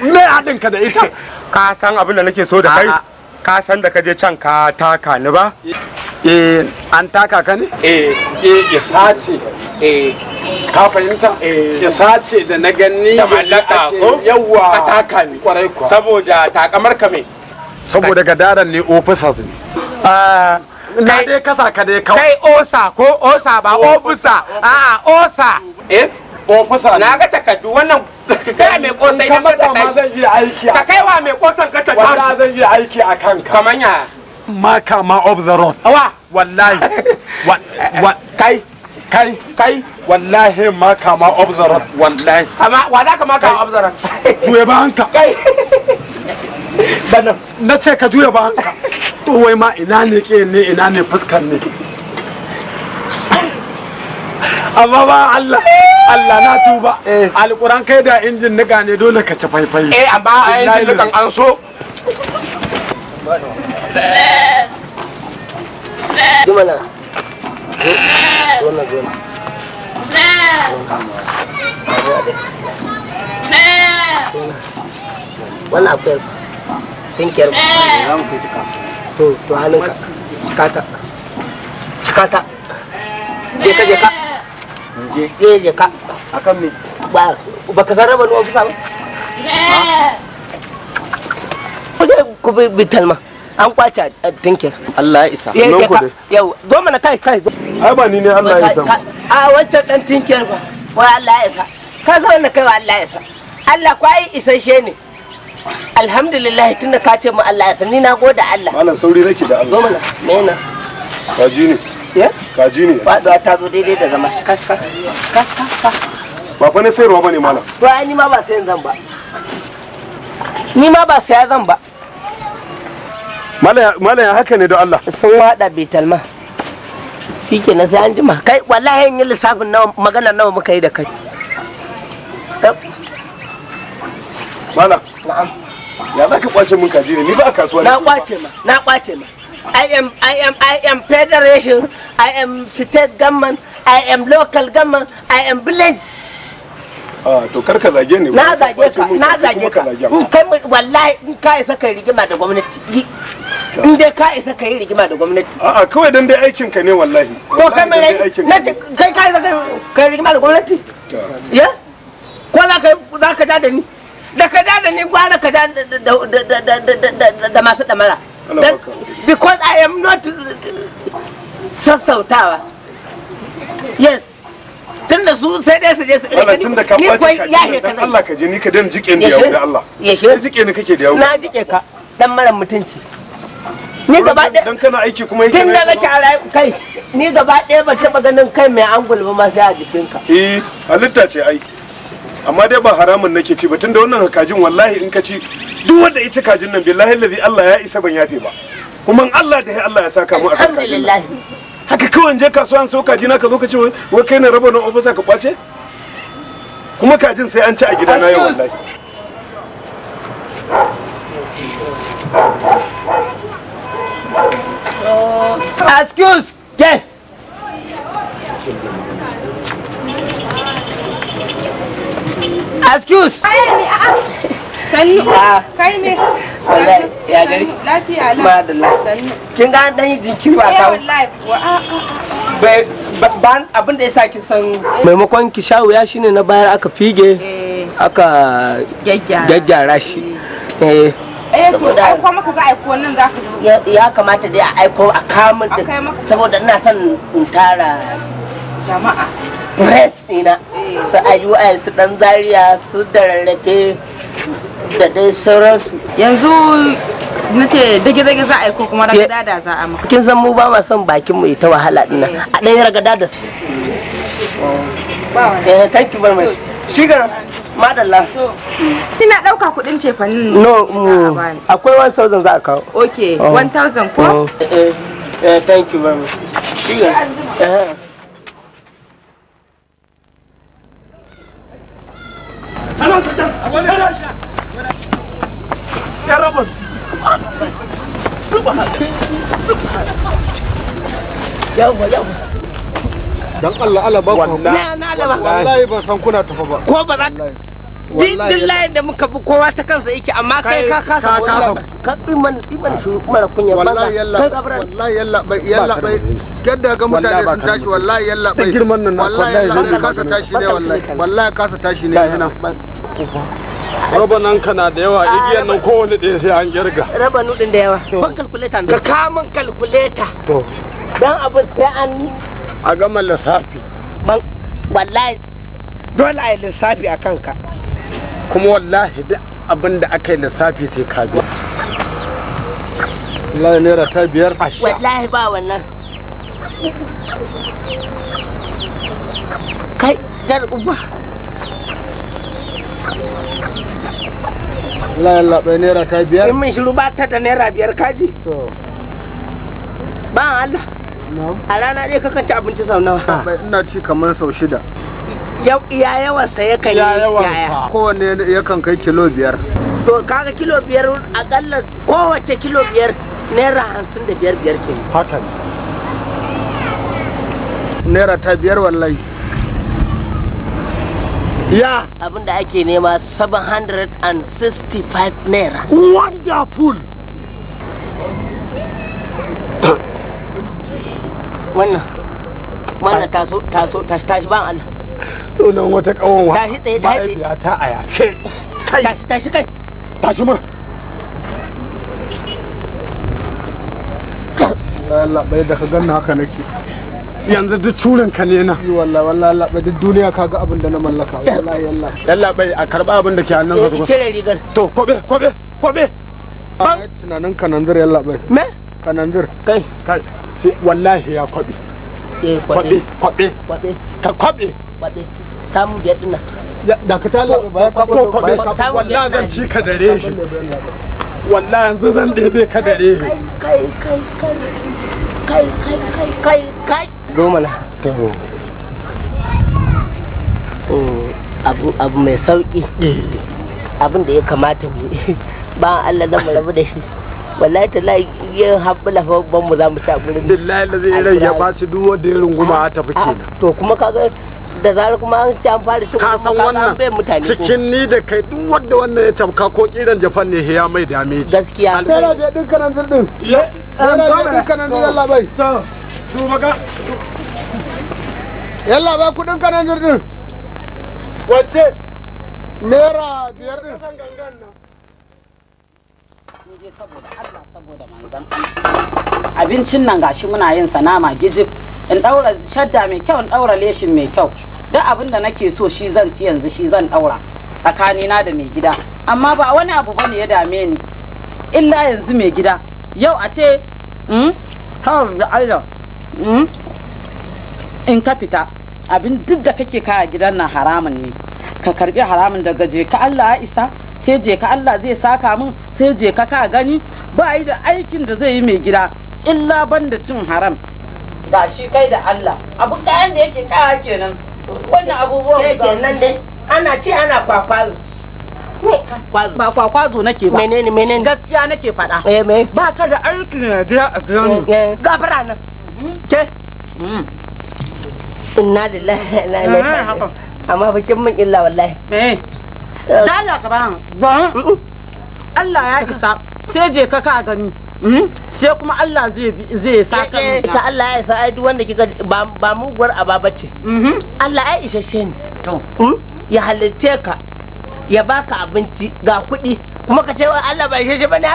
me haɗin ka da ita ka san abin da nake so da kai ka san da ka je can ka taka ni ba eh an taka ka ne eh, eh ya sace eh ka fahimta eh. ya sace da na ganni da mallaka ko yawa ka taka ne kwarai kwa saboda takamar ka me saboda gadaran ne officers ne na ah, dai kasa ka dai kawai kai osa ko osa ba ofisa a'a osa eh ofisa na ga takardu wannan kai mai kosai na ka kai ka kai wa mai kosan ka ta ta zan yi aiki a kanka kamanya maka ma of the road awa wallahi kai kai kai wallahi maka ma of the road wallahi amma wa ka maka of the road juye ba hanka kai na ce ka juya ba hanka to wai ma ina ne ke ne ina ne fuskar ne amma ba Allah Allah na tuba eh. alquran kai da injin nika ne dole ka ci faifai eh amma injin nukan an so Gimana? Zona, zona. Wannan akwai sinkiyar to to halinka shikata shikata je ka je ka je je ka akan me ba ka san raba nuwan fusa ba ku bi talma an kwace a tinke Allah ya isa nan ku yau zo mana kai kai ai ba ni ne Allah ya isa a wancan dan tinke ba wa Allah ya isa ka zo na kai wa Allah ya isa Allah kwai she ne alhamdulillah tunda ka ce mu Allah ya isa ni na gode Allah malam sauri nake da Allah zo mana mena kaji ne ya kaji ne da ta zo daidai da zama kaska kaska ba fa ne ruwa bane malam to ai ni ma ba sai zan ba ni ma ba saya zan ba malaya haka ne don Allah sun wada betalma shi ke na sai an jima kai wallahi yin lissafin na magana nawa muka yi da kai mala ya za ka kwace mun kaji ne ni ba a kasuwa na kwace ma na kwace ma I am I am I am federation I am state government I am local government I am village ah, to kar ka zage ne. na zage ka na zage ka kai wallahi in ka isa kai rigima da gwamnati in dai ka isa ka yi rigima da gwamnati a'a kawai dan dai aikin ka ne wallahi ko kai mai kai ka isa ka yi rigima da gwamnati ya ko za ka za ka da da ni da ka da da ni gwara ka da da masu damara because i am not sassautawa yes tun da su sai dai su je su ɗauke tun da ka ɓaci ka je dan Allah ka je ni ka dan jike ni da Allah ya jike ni kake da yawo na jike ka dan mara mutunci ni gaba ɗaya dan kana aiki kuma yake tunda nake a rayu kai ni gaba ɗaya ba taɓa ganin kai mai angul ba ma sai a jikinka eh halitta ce ai amma dai ba haramun nake ci ba tunda wannan kajin wallahi in ka ci duk wanda ya ci kajin nan billahi lazi Allah ya isa ban yafe ba kuma Allah da Allah ya saka mu a kan kajin haka kawai je kasuwan an so kaji na ka zo ka ci wai kai na raba na ofisa ka kwace kuma kajin sai an ci a gidana yau wallahi Excuse, Excuse. Ya gari. Lafiya eh, yasa kin san wuya shine na bayar aka fige eh. aka gyaggyara shi. Eh. Eh, aiko maka za a aiko nan za ka ya kamata dai a aiko a kamun din saboda ina son in tara jama'a press ina eh. su IUL su dan zaria su dararrafe da dai sauransu yanzu na ce dage-dage za a aiko kuma ragadada za a maka kin san mu ba ma son bakin mu ita wahala dinnan eh. a ɗaya ragadada su ba wani thank you very much madalla mm. ina dauka kudin cefanin no mm. akwai 1000 za a kawo okay 1000 ko oh. eh, eh thank you very much shi ga eh. Yawwa dan Allah ba ku na wallahi ban san kuna tafa ba ko ba layin da muka bi kowa ta kansa yake amma kai ka kasa ka shi mara kunya ba wallahi yalla wallahi yalla bai yalla bai ga mutane sun tashi wallahi yalla bai wallahi yalla tashi ne wallahi wallahi tashi ne raba nan kana da yawa ah, igiyar nan kowane ɗaya sai an raba nudin da yawa kalkuleta ka kamun kalkuleta dan abin sai an a gama lissafi wallahi dole a yi lissafi a kanka kuma wallahi duk abin da aka yi lissafi sai ka biya wallahi naira ta biyar wallahi ba wannan kai dar uba wallahi labai naira ta biyar in min shiru ba ta da naira biyar kaji ba Allah a rana dai kakan ci abinci sau nawa ina ci kamar sau shida ya yawan sa yakan yi yaya kowanne yakan kai kilo biyar to kaga kilo biyar akalla kowace kilo biyar naira hamsin da biyar biyar ke haka naira ta biyar wallahi ya abin da ake nema 765 naira wonderful wannan wannan taso taso tashi tashi ban Allah sunan wata kawon wa tashi tsaye tashi ta a yashe tashi tashi kai tashi ma Allah bai da ka ganna haka nake yanzu duk curin ka ne na wallahi wallahi Allah bai duk duniya ka ga abin da na mallaka wallahi Allah Allah bai a karba abin da ke hannun ka to eh, cire rigar to kobe kobe kobe a tunanin kananzir Allah bai me kananzir kai kai wallahi ya eh, kwabe kwabe ka kwabe samun biyar da ka talo ba ka kwabe kwabe wallahi zan ci ka dare shi wallahi yanzu zan ɗebe ka dare shi kai kai kai kai kai kai kai kai goma na hmm, abu abu mai sauki eh. abin da ya kamata mu ba Allah zan mu rabu da shi wallahi ta lai yin haɓɓula ban mu za mu sha a gurin dillahi da zai rai ya ba su duk wanda ya runguma a tafi kenan to kuma kaga da zarar kuma an ci an fara cin ka san wannan cikin ni da kai duk wanda wannan ya tafka ko kiran japan ne ya mai dame ji gaskiya tana je din kanan din ya tana je din kanan din Allah bai to duba ka yalla ba kudin kanan din wacce naira biyar din nan abincin nan gashi muna yin sanama nama gijib in daura shadda mai kyau in daura leshin mai kyau duk abin da nake so shi zan ci yanzu shi zan daura tsakanina da mai gida amma ba wani abu bane ya dame ni illa yanzu mai gida yau a ce hmm? kawar da Allah hmm? in ka fita abin duk da kake kaya gidan nan haramun ne ka karbi haramun daga je ka Allah ya isa sai je ka Allah zai saka min sai je ka ka gani ba yi da aikin da zai yi mai gida illa ban da cin haram ga shi kai da Allah abu kayan da yake ka kenan wannan abubuwan ne kenan dai ana ci ana kwakwalo ba kwakwazo nake ba menene menene gaskiya nake eh, me ba ka da aiki da gida a gida ne eh, eh. gafara nan hmm? ke hmm. inna lillahi wa inna ilaihi amma bakin mun illa wallahi da Allah ka ban ban Allah ya isa sai je ka ka gani mm-hmm. sai kuma Allah zai sa ka eh, eh, ita Allah ya isa ai duk wanda kika ba muguwar ababa ce mm-hmm. Allah ya isasshe ni. to mm-hmm. ya halitte ka ya baka abinci ga kuɗi kuma ka ce wa Allah ba isasshe bane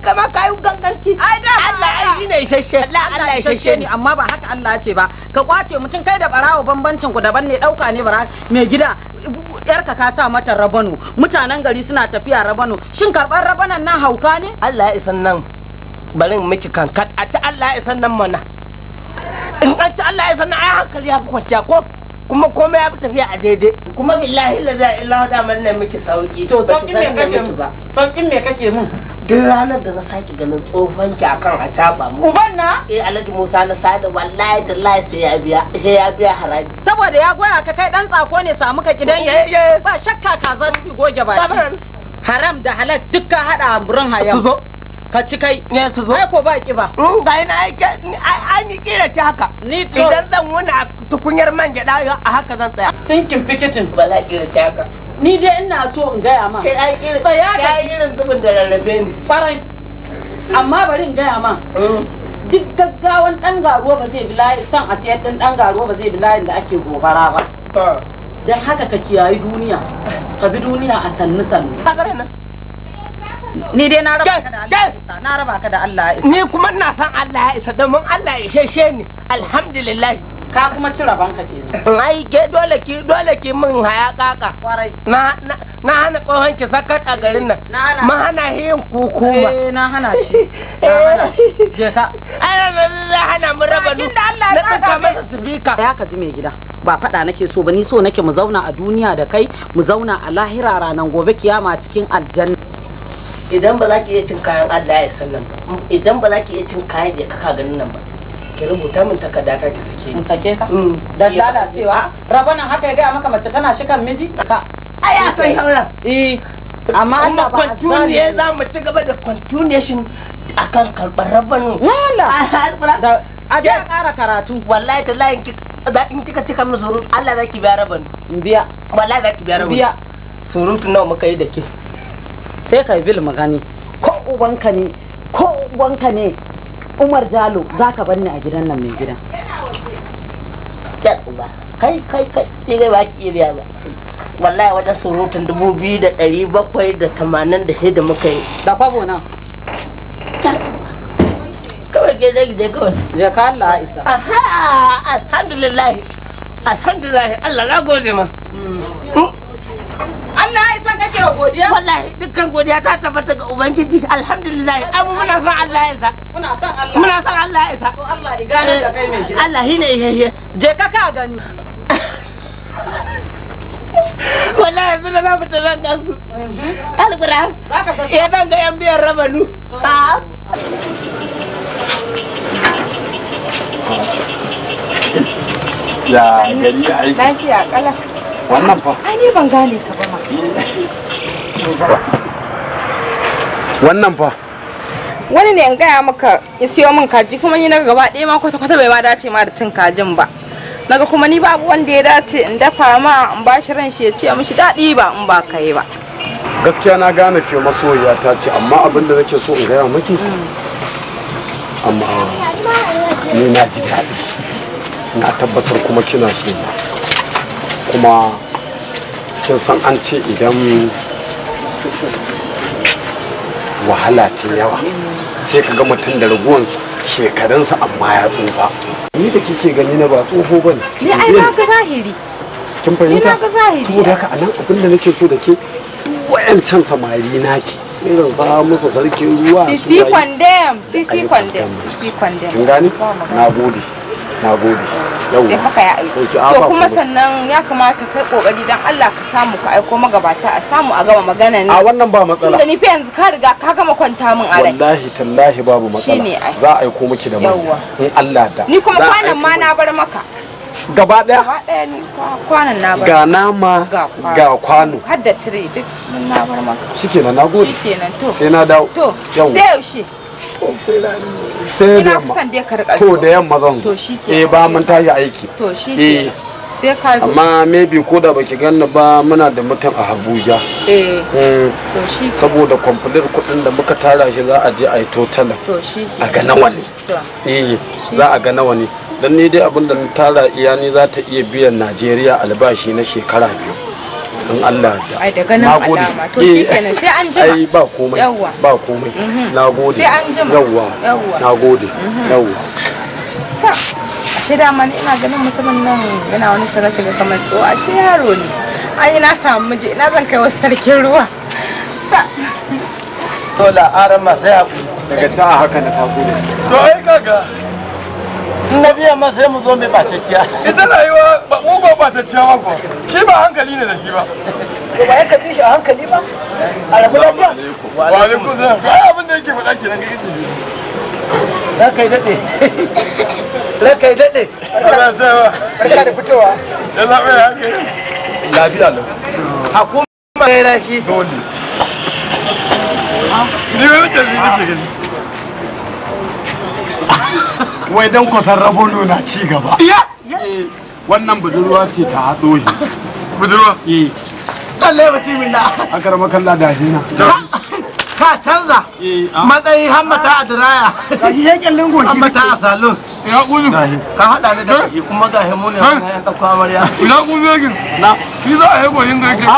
kama kayi ganganci Allah ai shi ne isasshe Allah ya isasshe ni. amma ba haka Allah ya ce ba ka kwace mutum kai da barawo bambancin ku daban ne ɗauka ne bara mai gida yarka ka sa mata rabano mutanen gari suna tafiya rabano shin karɓar rabanan nan hauka ne Allah ya isan nan barin miki kankat a ta Allah ya isan nan mana in an ta Allah ya isan nan ai hankali ya fi kwanciya ko kuma komai ya fi tafiya a daidai kuma billahi la za illa da manna miki sauki to sauki me kake mun sauki me kake mun duk ranar da na sake ganin tsohon ki akan a taba mu uban na eh alhaji musa na sada wallahi da lafi ya biya sai ya biya haraji saboda ya goya ka kai dan tsako ne samu ka gidan ya eh, eh. ba shakka ka za ki goge baki haram da halal duk ka hada burin haya ka ci kai ne su zo ai ko ba kiba mm, ga ina ai ai ni kira ci haka ni idan zan wuna tukunyar man gyada a haka zan tsaya sinkin fikitin ba za kira ci haka ni dai ina so in gaya ma kai ai kai irin zubin da lalabe ne farai amma bari in gaya ma mm. duk gaggawan dan garuwa ba zai bi layin san a siyar din dan garuwa ba zai bi layin da ake gobara ba dan haka ka kiyayi duniya ka bi duniya a sannu sannu ni dai na raba ka da Allah na raba ka da Allah ya isa ni kuma ina san Allah ya isa domin Allah ya sheshe ni alhamdulillah ka kuma ci rabanka nan? ai ke dole ki dole ki min haya kaka na na hana tsohon ki sakat a garin nan ma hana yin kukuma eh na hana shi na eh. hana shi je ka ai na hana mu raba nu na tsaka masa sifika. ya ka ji mai gida ba faɗa nake so ba ni so nake mu zauna a duniya da kai mu zauna a lahira ranar gobe kiyama cikin aljanna idan ba za ki iya cin kayan Allah ya san nan ba idan ba za ki iya cin kayan da ya kaka ganin nan ba ki rubuta min takarda ka ki sake in sake ka mm. dan lalacewa rabanan haka ya gaya maka mace kana shikan miji ka ai akwai haura eh amma Allah ba continue za mu ci gaba da continuation akan karɓar rabanin wala a je kara karatu wallahi ta layin ki in kika cika min surut Allah za ki biya raban biya wallahi za ki biya raban biya surutu nawa muka yi da ke sai ka bil magani ko ubanka ne ko ubanka ne umar jalo za ka banni a gidan nan mai gidan kai kai kai ni gai ba ki iya ba wallahi wata surutun dubu biyu da ɗari bakwai da tamanin da shida muka yi da kwabo nan kawai ke zai gide kawai jaka Allah isa aha alhamdulillah alhamdulillah Allah na gode ma mm. hmm? Allah isa yau godiya? Wallahi dukkan godiya ta tabbata ga Ubangiji alhamdulillah amu muna son Allah ya isa. Muna son Allah. Muna son Allah ya isa. To Allah ya gane kai mai Allah Je ka ka gani. Wallahi yanzu na zamu ta zan gasu. Mhm. Alƙur'an. Ya eh, zan ga yan biyan rabanu. Ah. Ya gari aiki. Lafiya Wannan fa. Ai ni ban gane ka ba ma. wannan fa wani ne in gaya maka siyo min kaji kuma ni na gaba ɗaya ma kwata kwata bai ma dace ma da cin kajin ba naga kuma ni babu wanda ya dace in dafa ma in ba shi ran shi ya ce mishi daɗi ba in ba kai ba gaskiya na gane fiye masoyiya ta ce amma abin da nake so in gaya maki amma ni na ji daɗi na tabbatar kuma kina so kuma kin san an ce idan wahala ta yawa sai ka ga mutum da raguwan shekarunsa amma ya tsufa ni da kike gani na ba tsoho ne ni ai ba ga zahiri kin fahimta saboda haka anan abin da nake so da ke wayancan samari naki irin sa musu sarkin ruwa su yi condemn condemn kin gani na gode na gode yau eh, to kuma sannan ya kamata kai kokari dan Allah ka samu ka aiko magabata a samu a gama magana ne a wannan ba matsala tunda ni fa yanzu ka riga ka gama kwanta min a rai wallahi tallahi babu matsala za a aiko miki da mai in Allah da ni kuma kwanan ma na bar maka gaba daya gaba daya ni kwanan na bar ga nama ga kwano har da tire duk na bar maka shikenan nagode shikenan to sai na dawo to sai yaushe sai da yamma to da yamma zan eh ba mun tashi aiki to shi eh. sai ka zo amma maybe ko da baki ganni ba muna da mutum a Abuja eh, eh. to shi saboda complete kudin da muka tara shi za a je a yi total to shi a ga nawa ne eh za a ga nawa ne dan ni dai abin da na tara iyani za ta iya biyan Najeriya albashi na shekara biyu in Allah da ai da ganin alama to shikenan sai an jima ai ba komai ba komai mhm. nagode sai an jima yawwa nagode yawwa mhm. ashe dama ina ganin mutumin nan yana wani shiga shiga kamar tsoho ashe yaro ne ai na samu miji ina zan kai wasu sarkin ruwa to la arama sai daga ta haka na gode to ai kaga in na biya ma sai mu zo mai bacacciya ita rayuwa ba ba bacacciya ba kuwa. shi ba hankali ne da shi ba to ba yanka bi shi a hankali ba a rabu lafiya wa alaikum salam ai abin da yake faɗa kenan ga izini ranka yi daɗe ranka yi daɗe barka da fitowa ya zaɓe ya ke lafiya lau hakuma ya rashi dole ni wani ƙarfi nake gani wai dan kusan rabolo na ci gaba eh, wannan budurwa ce ta haɗo shi budurwa eh kalle mutumin na a karama kalla da shi na ka canza eh, matsayi hammata a diraya ka yi yakallin goshi hammata a salon ya kulu ka hada ni da eh? shi kuma ga himu ne na ya dauka amarya ina kulu yakin na shi za a hego yin gaike yake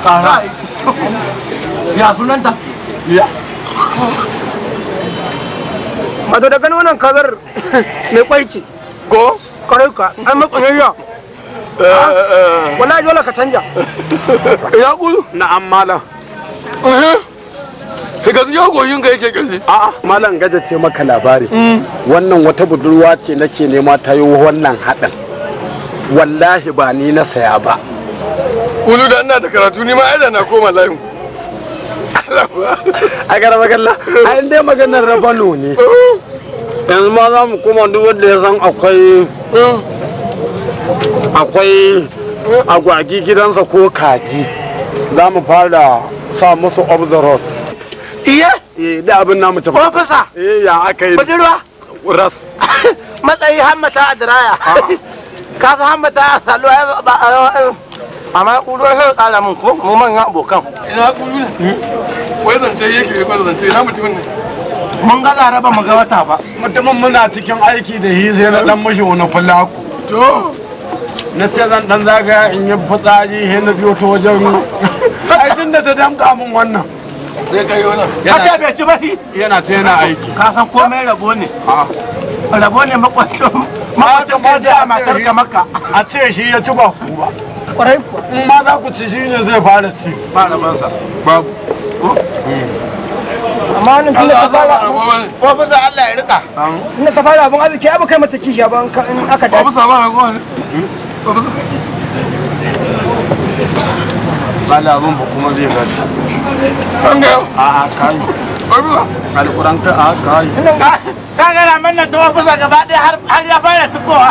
ah. kara ya sunanta ya wato da ganin wannan kazar mai kwaici go kwarai ka an matsanyayya eh, ah, eh. wallahi dole ka canja ya Na na'am malam gaji ya goyin ga yake gaji a'a malam gaja ce maka labari mm. wannan wata budurwa ce nake nema ta yi wannan haɗin wallahi ba ni na saya ba Ulu da ina da karatu ni ma ai da na koma layin a gara magana a inda maganar raba ne yanzu ma za mu kuma duk wanda ya san akwai akwai agwagi gidansa ko kaji za mu fara sa musu off the road iya eh, da abin namu tafi ofisa eh, ya aka yi budurwa ras matsayi hammata a diraya ka san hammata a salo amma ƙuruwar sai ƙara min ko mu manyan abokan ina ƙuru ne wai zance yake ko zance ina mutumin ne mun ga laraba mu ga wata ba mutumin muna cikin aiki da shi sai na dan mashi wani fulaku to na ce zan dan zaga in yi fitsari sai na biyo ta wajen ai tun da ta damka min wannan zai kai wannan haka bai ci ba shi yana ta yana aiki ka san komai rabo ne rabo ne makwato ma ta da matar ka maka a ce shi ya ci ba ku ba kwarai kuwa in ma za ku ci shi ne zai fara ci ba babu amma nan ka fara ko bisa Allah ya rika tunda ka fara abun arziki abu kai mata kishiya ba in aka dace ko bisa ba ragowa hmm? ba kuma zai gaci a a a mana tuwa gaba ɗaya har ya fara tukowa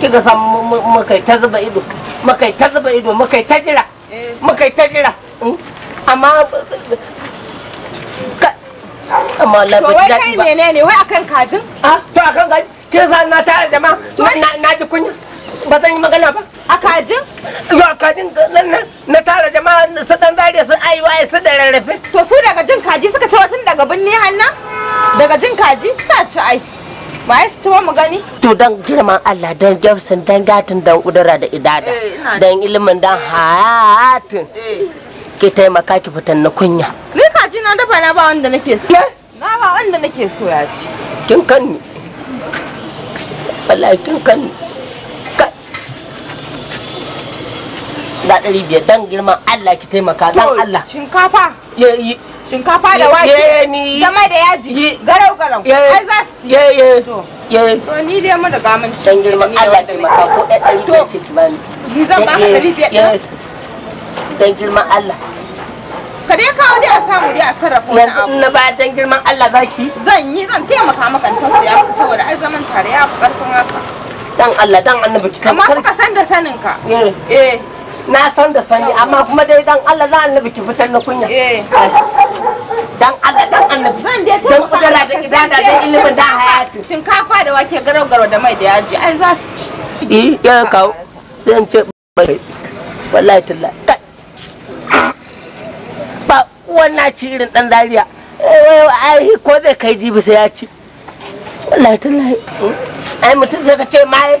kika san makai ta zuba ido makai ta zuba ido makai ta jira eh. makai ta jira hmm? amma amma Allah ba ji ba. Wai menene wai akan kajin? Ah, to akan kajin. Kin san na tare da ma na ji kunya. Ba zan yi magana ba. A kajin? Yo a kajin nan nan na tare da ma su dan zare su aiwaye su da rarrafe. To su daga jin kaji suka tawatin daga binne hanna? Daga jin kaji sa ci ai. ba ya ci mu gani to dan girman Allah dan dan gatin dan kudura da idada eh, dan ilimin dan eh. ki taimaka ki fitan na kunya ni kaji na dafa na ba wanda nake so na ba wanda nake so ya ci kin kan ni wallahi kin kan ni da ɗari biyar dan girman Allah ki taimaka dan Allah shinkafa shinkafa da wake zama da yaji garau garau ai za su ci ye ye to ni dai mun riga mun ci girma Allah da maka ko da dari da ci bani ni zan ba ka dari biyar dan girman Allah ka dai kawo dai a samu dai a sarrafa wani abu na ba dan girman Allah zaki zan yi zan taimaka maka tun sai aka saboda ai zaman tare ya fi karfin haka dan Allah dan annabi kika kan amma ka san da sanin ka eh na san da sani amma kuma dai dan Allah za annabi ki fitar na kunya eh. dan Allah dan annabi zan je ta kudura da gidada da ilimin da hayatu shinkafa da wake garau garau da mai da yaji ai za su ci eh ya ka zan ce wallahi tallah ba wannan ci irin dan dariya ai ko zai kai jibi sai ya ci wallahi talla ai mutum zai ka ce mai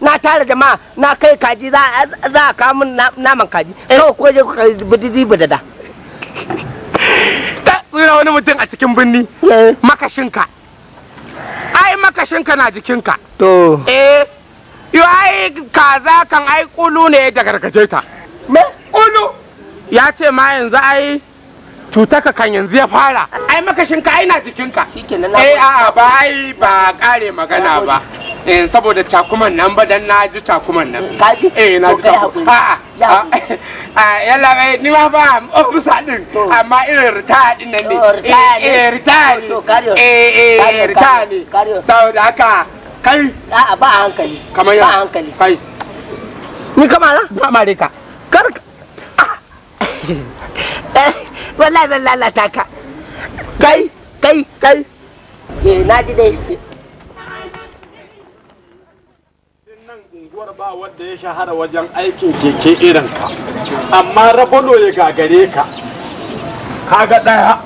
na tara jama'a na kai kaji za a kawo min naman kaji eh. kawai ko je ku bididi bidada ta tsira wani mutum a cikin birni eh. makashinka ai makashinka na jikinka to eh yo ai kaza kan ai kulu ne da gargaje ta me kulu ya ce ma yanzu ai cutaka kan yanzu ya fara ai makashinka ai na jikinka eh a'a ba ai ba kare magana ba Eh, saboda cakuman nan ba dan na ji cakuman nan ka ji eh na ji ha a a yalla mai ni ma ba ofisa din amma irin ritaya din nan ne eh ritaya ne eh eh ritaya ne eh, eh, saboda haka kai a ba hankali kamar ya hankali kai ni kama na ba mare ka kar ah. wallahi zan lalata ka kai kai kai eh na ji dai unguwar ba wanda ya shahara wajen aikin keke irin ka amma rabolo ya gagare ka kaga daya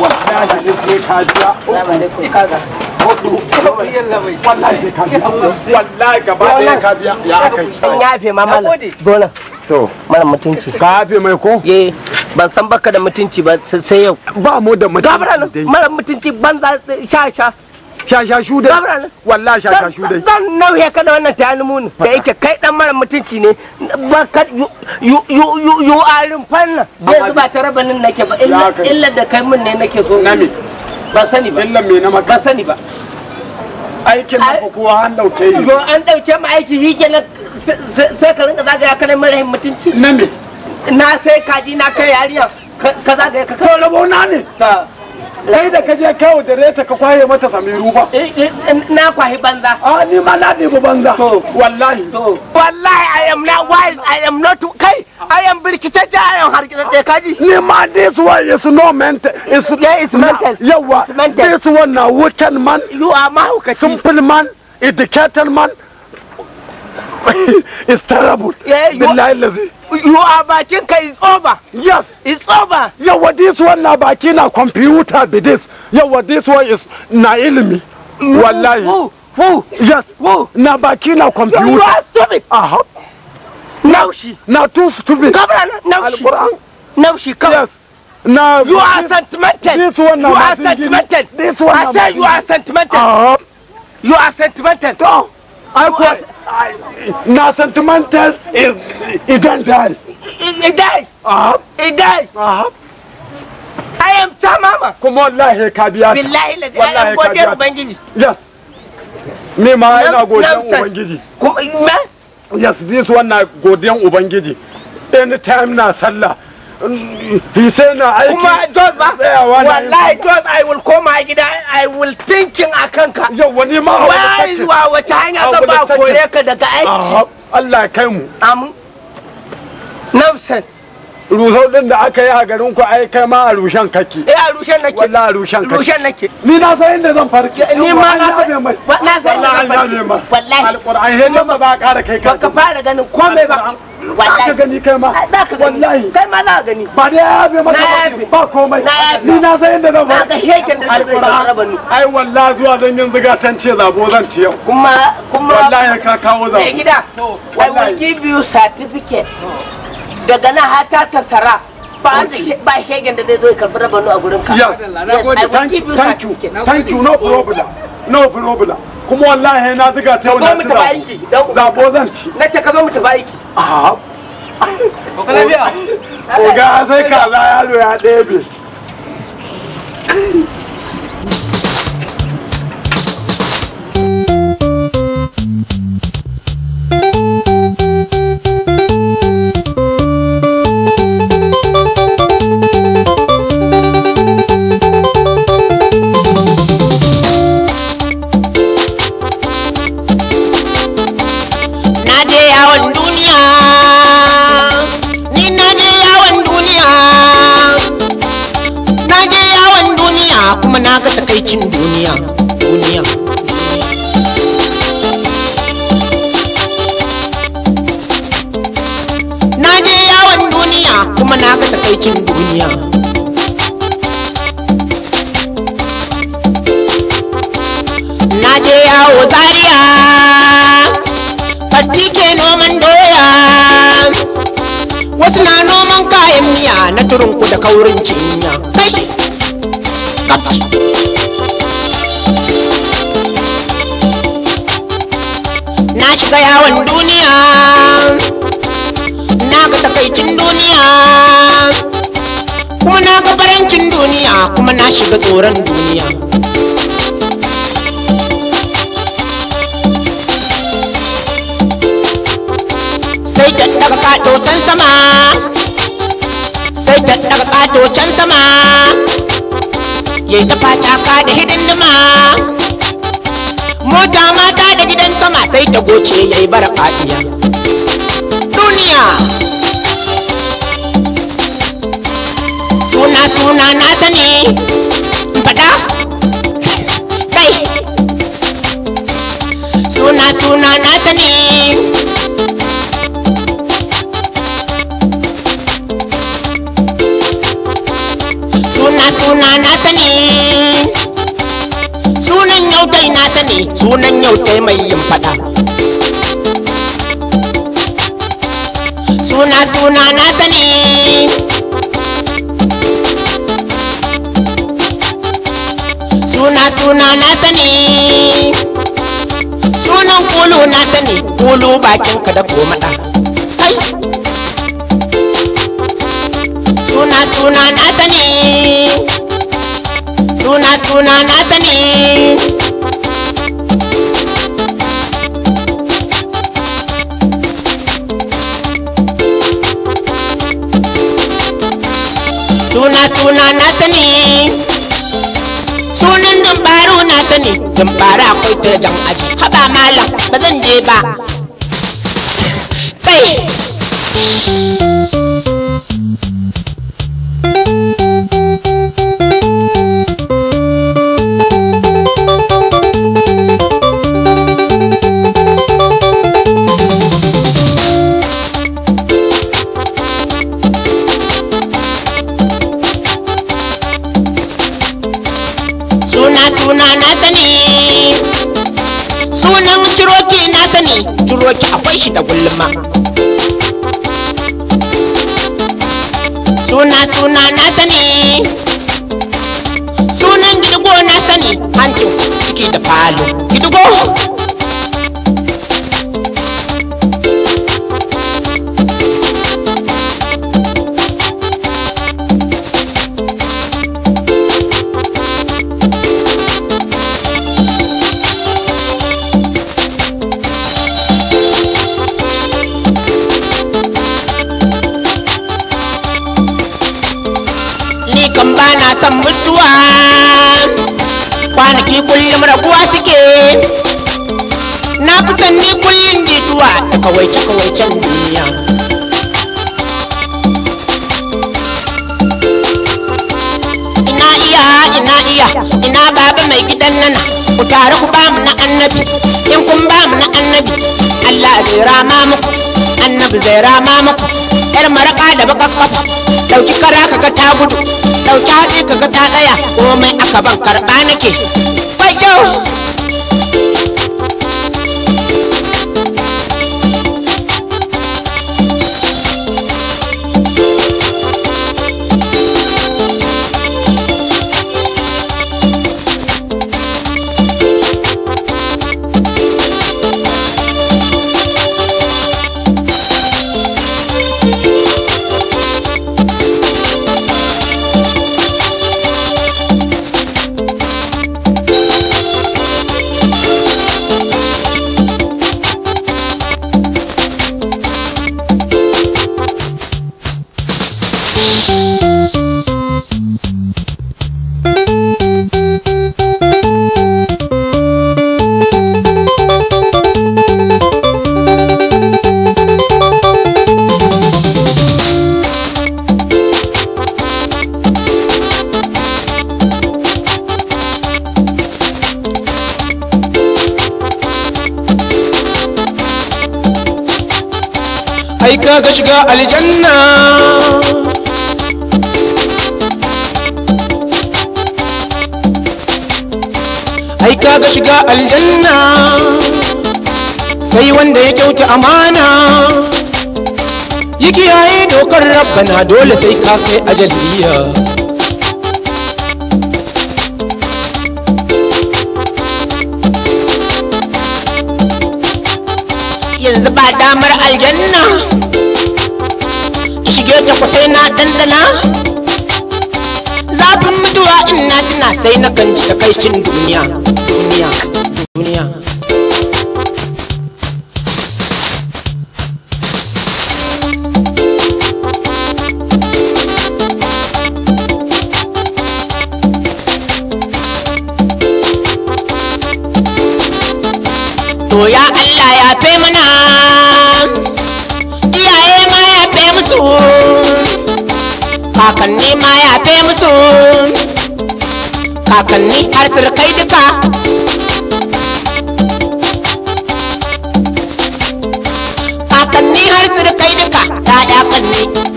wallahi ne ka jiya wallahi gaba ɗaya ka biya ya aka yi in ya ma malam dole to mara mutunci ka yafe mai ko eh ban san baka da mutunci ba sai yau ba mu da mutunci mara mutunci banza sha sha shashashu dai wallahi shashashu dai zan nauye ka da wannan tayalmu ne da yake kai dan mara mutunci ne ba ka yu yu yu arin fanna bai zuba ta rabanin nake ba illa illa da kai mun ne nake so nami ba sani ba illa me na maka ba sani ba aikin na kowa an dauke yi yo an dauke mu aiki shi kenan sai ka rinka zagaya kana mara mutunci nami na sai kaji na kai yariya ka zagaya ka kai rabo na ne kai da kaje kawo da reta ka kwaye mata samiru ba eh, eh, na kwahi banza a ni ma na bu banza wallahi wallahi i am not wise i am not kai i am birkitacce i am da kaji ni ma this one is no mental is yeah, it's mental yawa this one na wutan man you are mahaukaci simple man educated man It's terrible. Yeah, you, you are bakinka is over. Yes. It's over. Yeah, what this one na bakina computer be this. Yeah, what this one is na ilimi. Mm, mm, Wallahi. Who? Who? Yes. Who? Na bakina computer. You are stupid. Aha. Uh-huh. Now she. Now too stupid. now she. Now she come. Yes. Now you are sentimental. This one You are sentimental. This one I said you are sentimental. Uh -huh. You are sentimental. na san tumantar idan dal idan idan I am tamama. Kuma wallahi ka biya. Billahi la biya. Wallahi ka biya. Yes. Ni ma ina godiyan Ubangiji. Kuma Yes, this one na godiyan Ubangiji. Anytime na sallah He said Hisena aiki. Kuma Jos ba. Wallahi Jos I will come koma gida I will thinking a kanka. Yawwa ni ma hawa da sakin. Wai wace hanya zan ba kore ka daga aiki. Allah kai mu. Amin. Nafsan. rusau din da aka yi a garin ku ai kai ma a rushen kake eh a rushen nake wallahi a rushen kake rushen nake ni na san inda zan farki. ni ma na san Wallahi na san wallahi wallahi alquran he ne ba ka kara kai ka Ba ka fara ganin komai ba ka gani kai ma wallahi kai ma za gani ba da ya maka ba komai ni na san zan da ai wallahi zuwa yin zan ci yau kuma kuma wallahi ka kawo zabo gida i will give you certificate daga na hata ta sara ba shegen da zai zo karbi rabanu a gurin ka thank you thank you no problem no problem kuma wallahi na zuga ta wannan zabo zabo zan ci na ce ka zo mu tafi aiki a Oga sai kaza yalo ya ɗebe. thank you kuma na ga takaicin duniya duniya na je yawon duniya kuma na ga takaicin duniya na je yawo zaria fatti ke noman doya wasu na noman kayan miya na turunku da kaurin cinya na shiga yawon duniya na ga takaicin duniya kuma na ga farancin duniya kuma na shiga tsoron duniya sai ta daga katocen sama sai ta daga katocen sama ya ta fataka da hidindima mota mata da gidan sama sai ta goce yayi bara fatiya duniya suna suna na sani fada kai suna suna na suna suna na sani yi sunan yau ta mai yin fada suna suna na sani suna suna na sani sunan kulu na sani kulu bakin ka da komada suna suna na sani suna suna na sani na suna na sani sunan dumbaro na sani dumbara akwai ta jan aji haba malam ba zan je ba kai shi da gulma suna suna na sani sunan gidigo na sani hancin ciki da falo gidigo kullum rabuwa suke na fi ni kullum jituwa da kawaice-kawaicen duniya ina iya ina baba mai gidan nana ku tare ku ba mu na annabi in kun ba mu na annabi Allah zai rama muku annabi zai rama mu yar maraka da baka kafa dauki kara kaga ta gudu dauki hatsi kaga ta tsaya komai aka ban karba nake wayo kyauta ga shiga aljanna sai wanda ya kyauta amana yi kiyaye dokar rabbana dole sai ka kai ajaliya yanzu ba damar aljanna shige ta na dandana zafin mutuwa in na sai na kan ji takaicin duniya duniya duniya To ya Allah ya fe mana iyaye ma ya fe musu kakanni kakanni har surkai duka kakanni har surkai duka ta ya kanni duka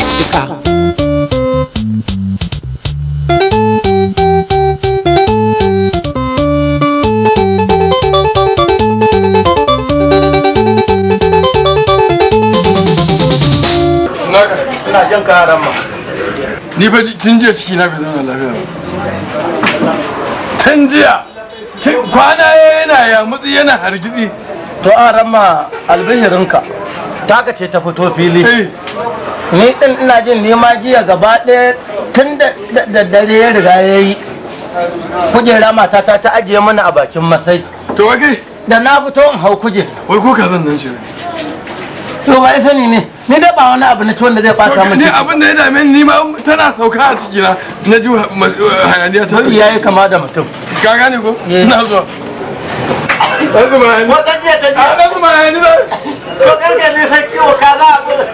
Ina jan ka haramma. Ni fa tun jiya ciki na bai zauna lafiya ba. tun jiya kwana yana yamutsi yana hargitsi to a rama albihirinka taka ce ta fito fili eh. ni din ina jin nema jiya gaba ɗaya tun da dare ya riga ya yi kujera matata ta ajiye mana a bakin masai to wage da na fito in hau kujera wai ko ka zan nan shi to ba sani ne ni da ba wani abu na ci wanda zai bata mun ni abin da ya dame ni ma tana sauka a ciki na na ji hayaniya ta yayi kama da mutum ka gane ko eh. ina zuwa Wasu bayani. Wasu jiya ta jiya. ba. To ne sai kiwo ka za a buga.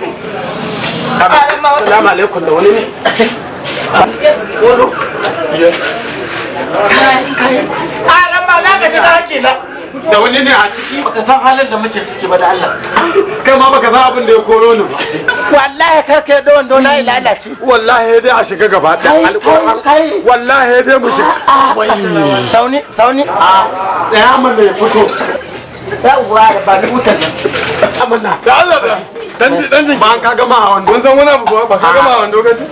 Salamu alaikum da wani ne. da wani ne a ciki baka san halin da muke ciki ba da Allah kai ma baka san abin da ya koro ni ba wallahi kar kai da wando na ilalace. wallahi dai a shiga gaba da alƙur'ani wallahi dai mu shiga sauni sauni a tsaya mun ne fito ta uwa da ba ni wutar amma da Allah da dan dan ji ba ka gama a wando zan wani abu ba ka gama a wando kaji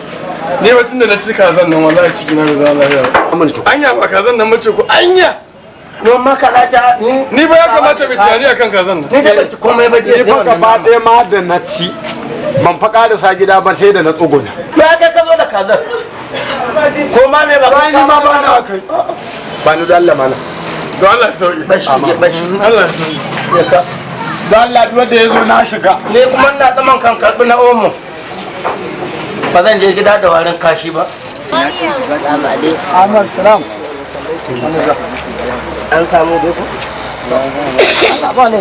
ne wacin da na ci zan nan wallahi ciki na da zan lafiya amana anya ba zan nan mace ko anya don maka raja ni ni ba ya kamata mai tunani akan kazan nan ni da baki komai ba je ni fa gaba ɗaya ma da na ci ban fa karasa gida ba sai da na tsuguna ya kai ka zo da kazar. ko ma ne ba kai ma ba na kai ba ni da Allah mana don Allah sauki bashi bashi Allah sauki ya ka don Allah duk da ya na shiga ne kuma ina tsaman kan karbi na omo ba zan je gida da warin kashi ba Amar salam. an samu dai ba ne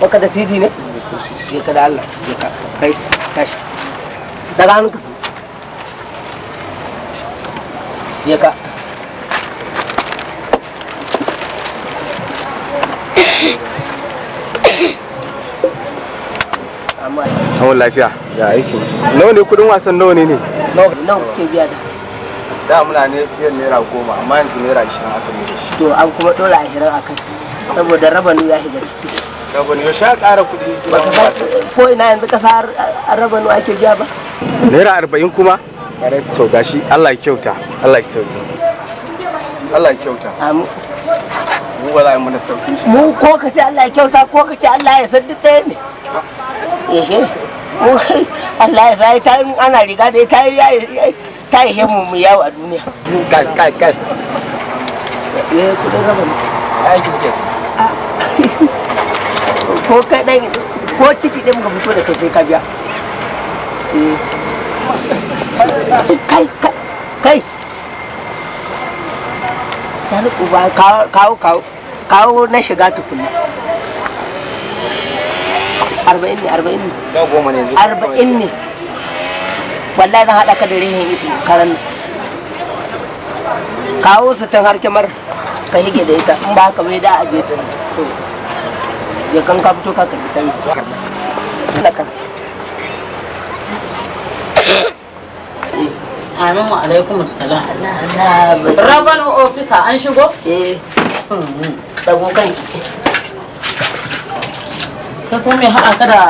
baka da titi ne ka da Allah ya ka kai tashi daga ka Thank you. hawan lafiya ya aiki nawa ne kudin wasan nawa ne ne nawa kuke biya da da muna ne biyan naira goma amma yanzu naira ashirin aka mai da shi to an kuma dole ashirin a kan saboda rabanu ya shiga ciki rabanu ya sha ƙara kudi ko ina yanzu kasa rabanu ake biya ba naira arba'in kuma to gashi allah ya kyauta allah ya sauki allah ya kyauta mu ba za mu mana sauki mu ko ka ce allah ya kyauta ko ka ce allah ya san tsaye ne ne Allah ya sai ta ana riga dai ta yi ta yi hemu mu yau a duniya kai kai kai eh kudin gaban ai kike ah. ko ko ciki ɗin ga fito da kai sai ka biya eh. kai kai kawo kawo kawo na shiga tukuna arba'in ne arba'in ne arba'in ne wallahi zan haɗa ka da rihin ido karan kawo su tun har kimar ka hige da ita in ba ka mai da a je ta ya kan ka fito ka karbi can lakan Amin wa alaikum salam. Rabanu ofisa an shigo? Eh. Hmm, hmm. Dago kanki. ta kuma mai haɗa ka da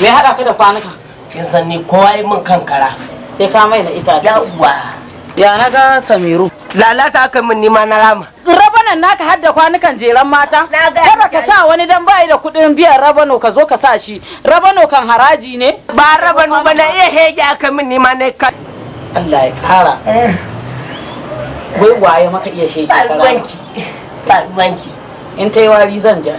mai haɗa ka da kwanuka kin san ni kowa yi min kankara sai ka mai da uwa. yawwa ya na ga samiru lalata aka min nima na rama rabanan naka hadda kwanukan jeran mata kada ka sa wani dan bai da kudin biyan rabano ka zo ka sa shi rabano kan haraji ne ba rabano ba na iya hege aka min nima na ka Allah ya kara eh. wai waye maka iya shege ka banki banki in ta yi wari zan ja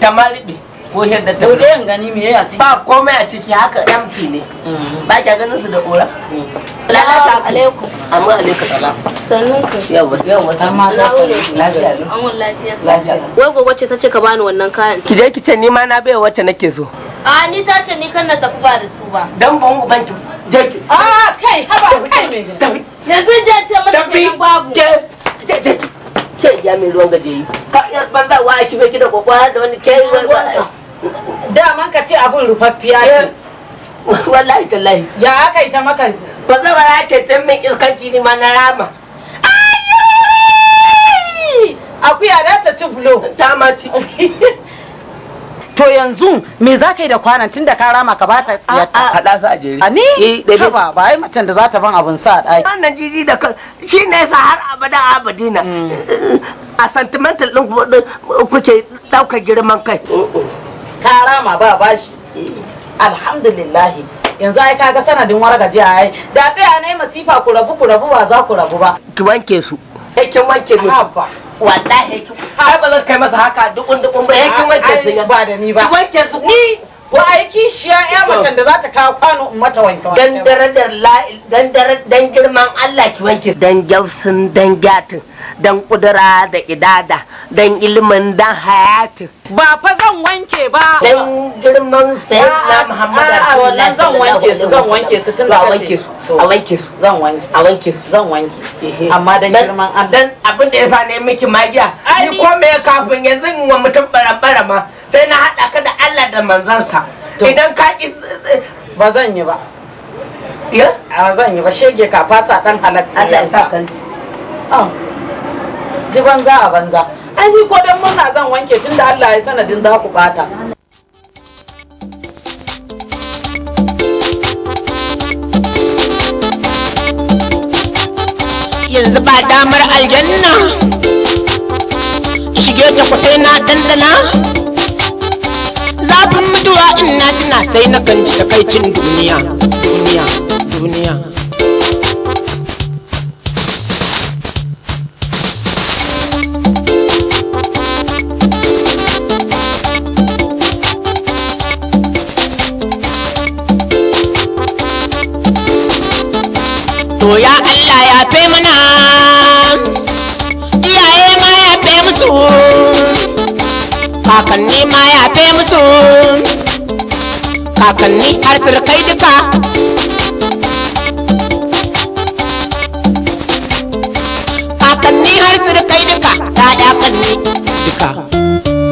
ta malibe ko yadda ta bude yan gani me a ciki ba komai a ciki haka empty ne mm. ba kya ganin su da kora mm. lalata alaikum amma alaikum salam sannan ku yawa yawa ta ma ta lafiya amun lafiya lafiya wai gogo ce tace ka bani wannan kayan ki je ki ce ni ma na bai wacce nake so a ni ta ce ni kan na tafi ba da su ba dan ban uban ki je ki a kai haba kai me yanzu je ce mata babu je je ke ja mai ruwan gaje yi ka iya banza wa ki bai kida kokwa da wani yi da man ka ce abun rufaffiya ce eh, wallahi tallahi ya aka yi ta maka banza ya ce tun min ni ma na rama akuya da ta ci bulo ta ma ci to yanzu me za ka yi da kwanan tun da ka rama ka ba ta tsiyata haɗa su a jere a ni eh, ba ba yi macen da za ta ban abin sa a ɗaki wannan jiji da kan shi ne sa har abada abadina mm. eh, a sentimental ɗin kuke ɗaukar girman kai oh, oh. ka rama ba bashi eh, alhamdulillahi yanzu ai kaga sanadin a ai da tsaya ne masifa ku rabu ku rabu ba za ku rabu ba ki wanke su kin wanke mu wallahi ai ba zan kai masa haka dukun dukun ba yakin wanke ba da ni ba wanke ni ba a yi kishiya ya macen da za ta kawo kwano in mata wanke wanke dan darajar dan dan girman Allah ki wanke dan gyausun dan gatin dan kudura da idada dan ilimin dan hayatin ba fa zan wanke ba dan girman sayyidina Muhammad sallallahu zan wanke su zan wanke su tun da wanke su a wanke su zan wanke a wanke su zan wanke amma dan girman Allah dan abin da yasa ne miki magiya ni ko me kafin yanzu wa mutum barambara ma sai na haɗa ka da Allah da manzansa idan ka ki ba zan yi ba ya a zan yi ba shege ka fasa dan halak Allah ya kan ah. ji banza a banza an yi ko dan muna zan wanke tunda Allah ya sanadin za ku bata yanzu ba damar aljanna shige ta kwasai na dandana mutuwa in na tuna sai na kan da takaicin duniya duniya duniya To ya Allah ya fe mana iyaye ma ya fe musu kakanni ma ya fe musu kakanni har surkai duka kakanni har surkai duka ta ya kanni duka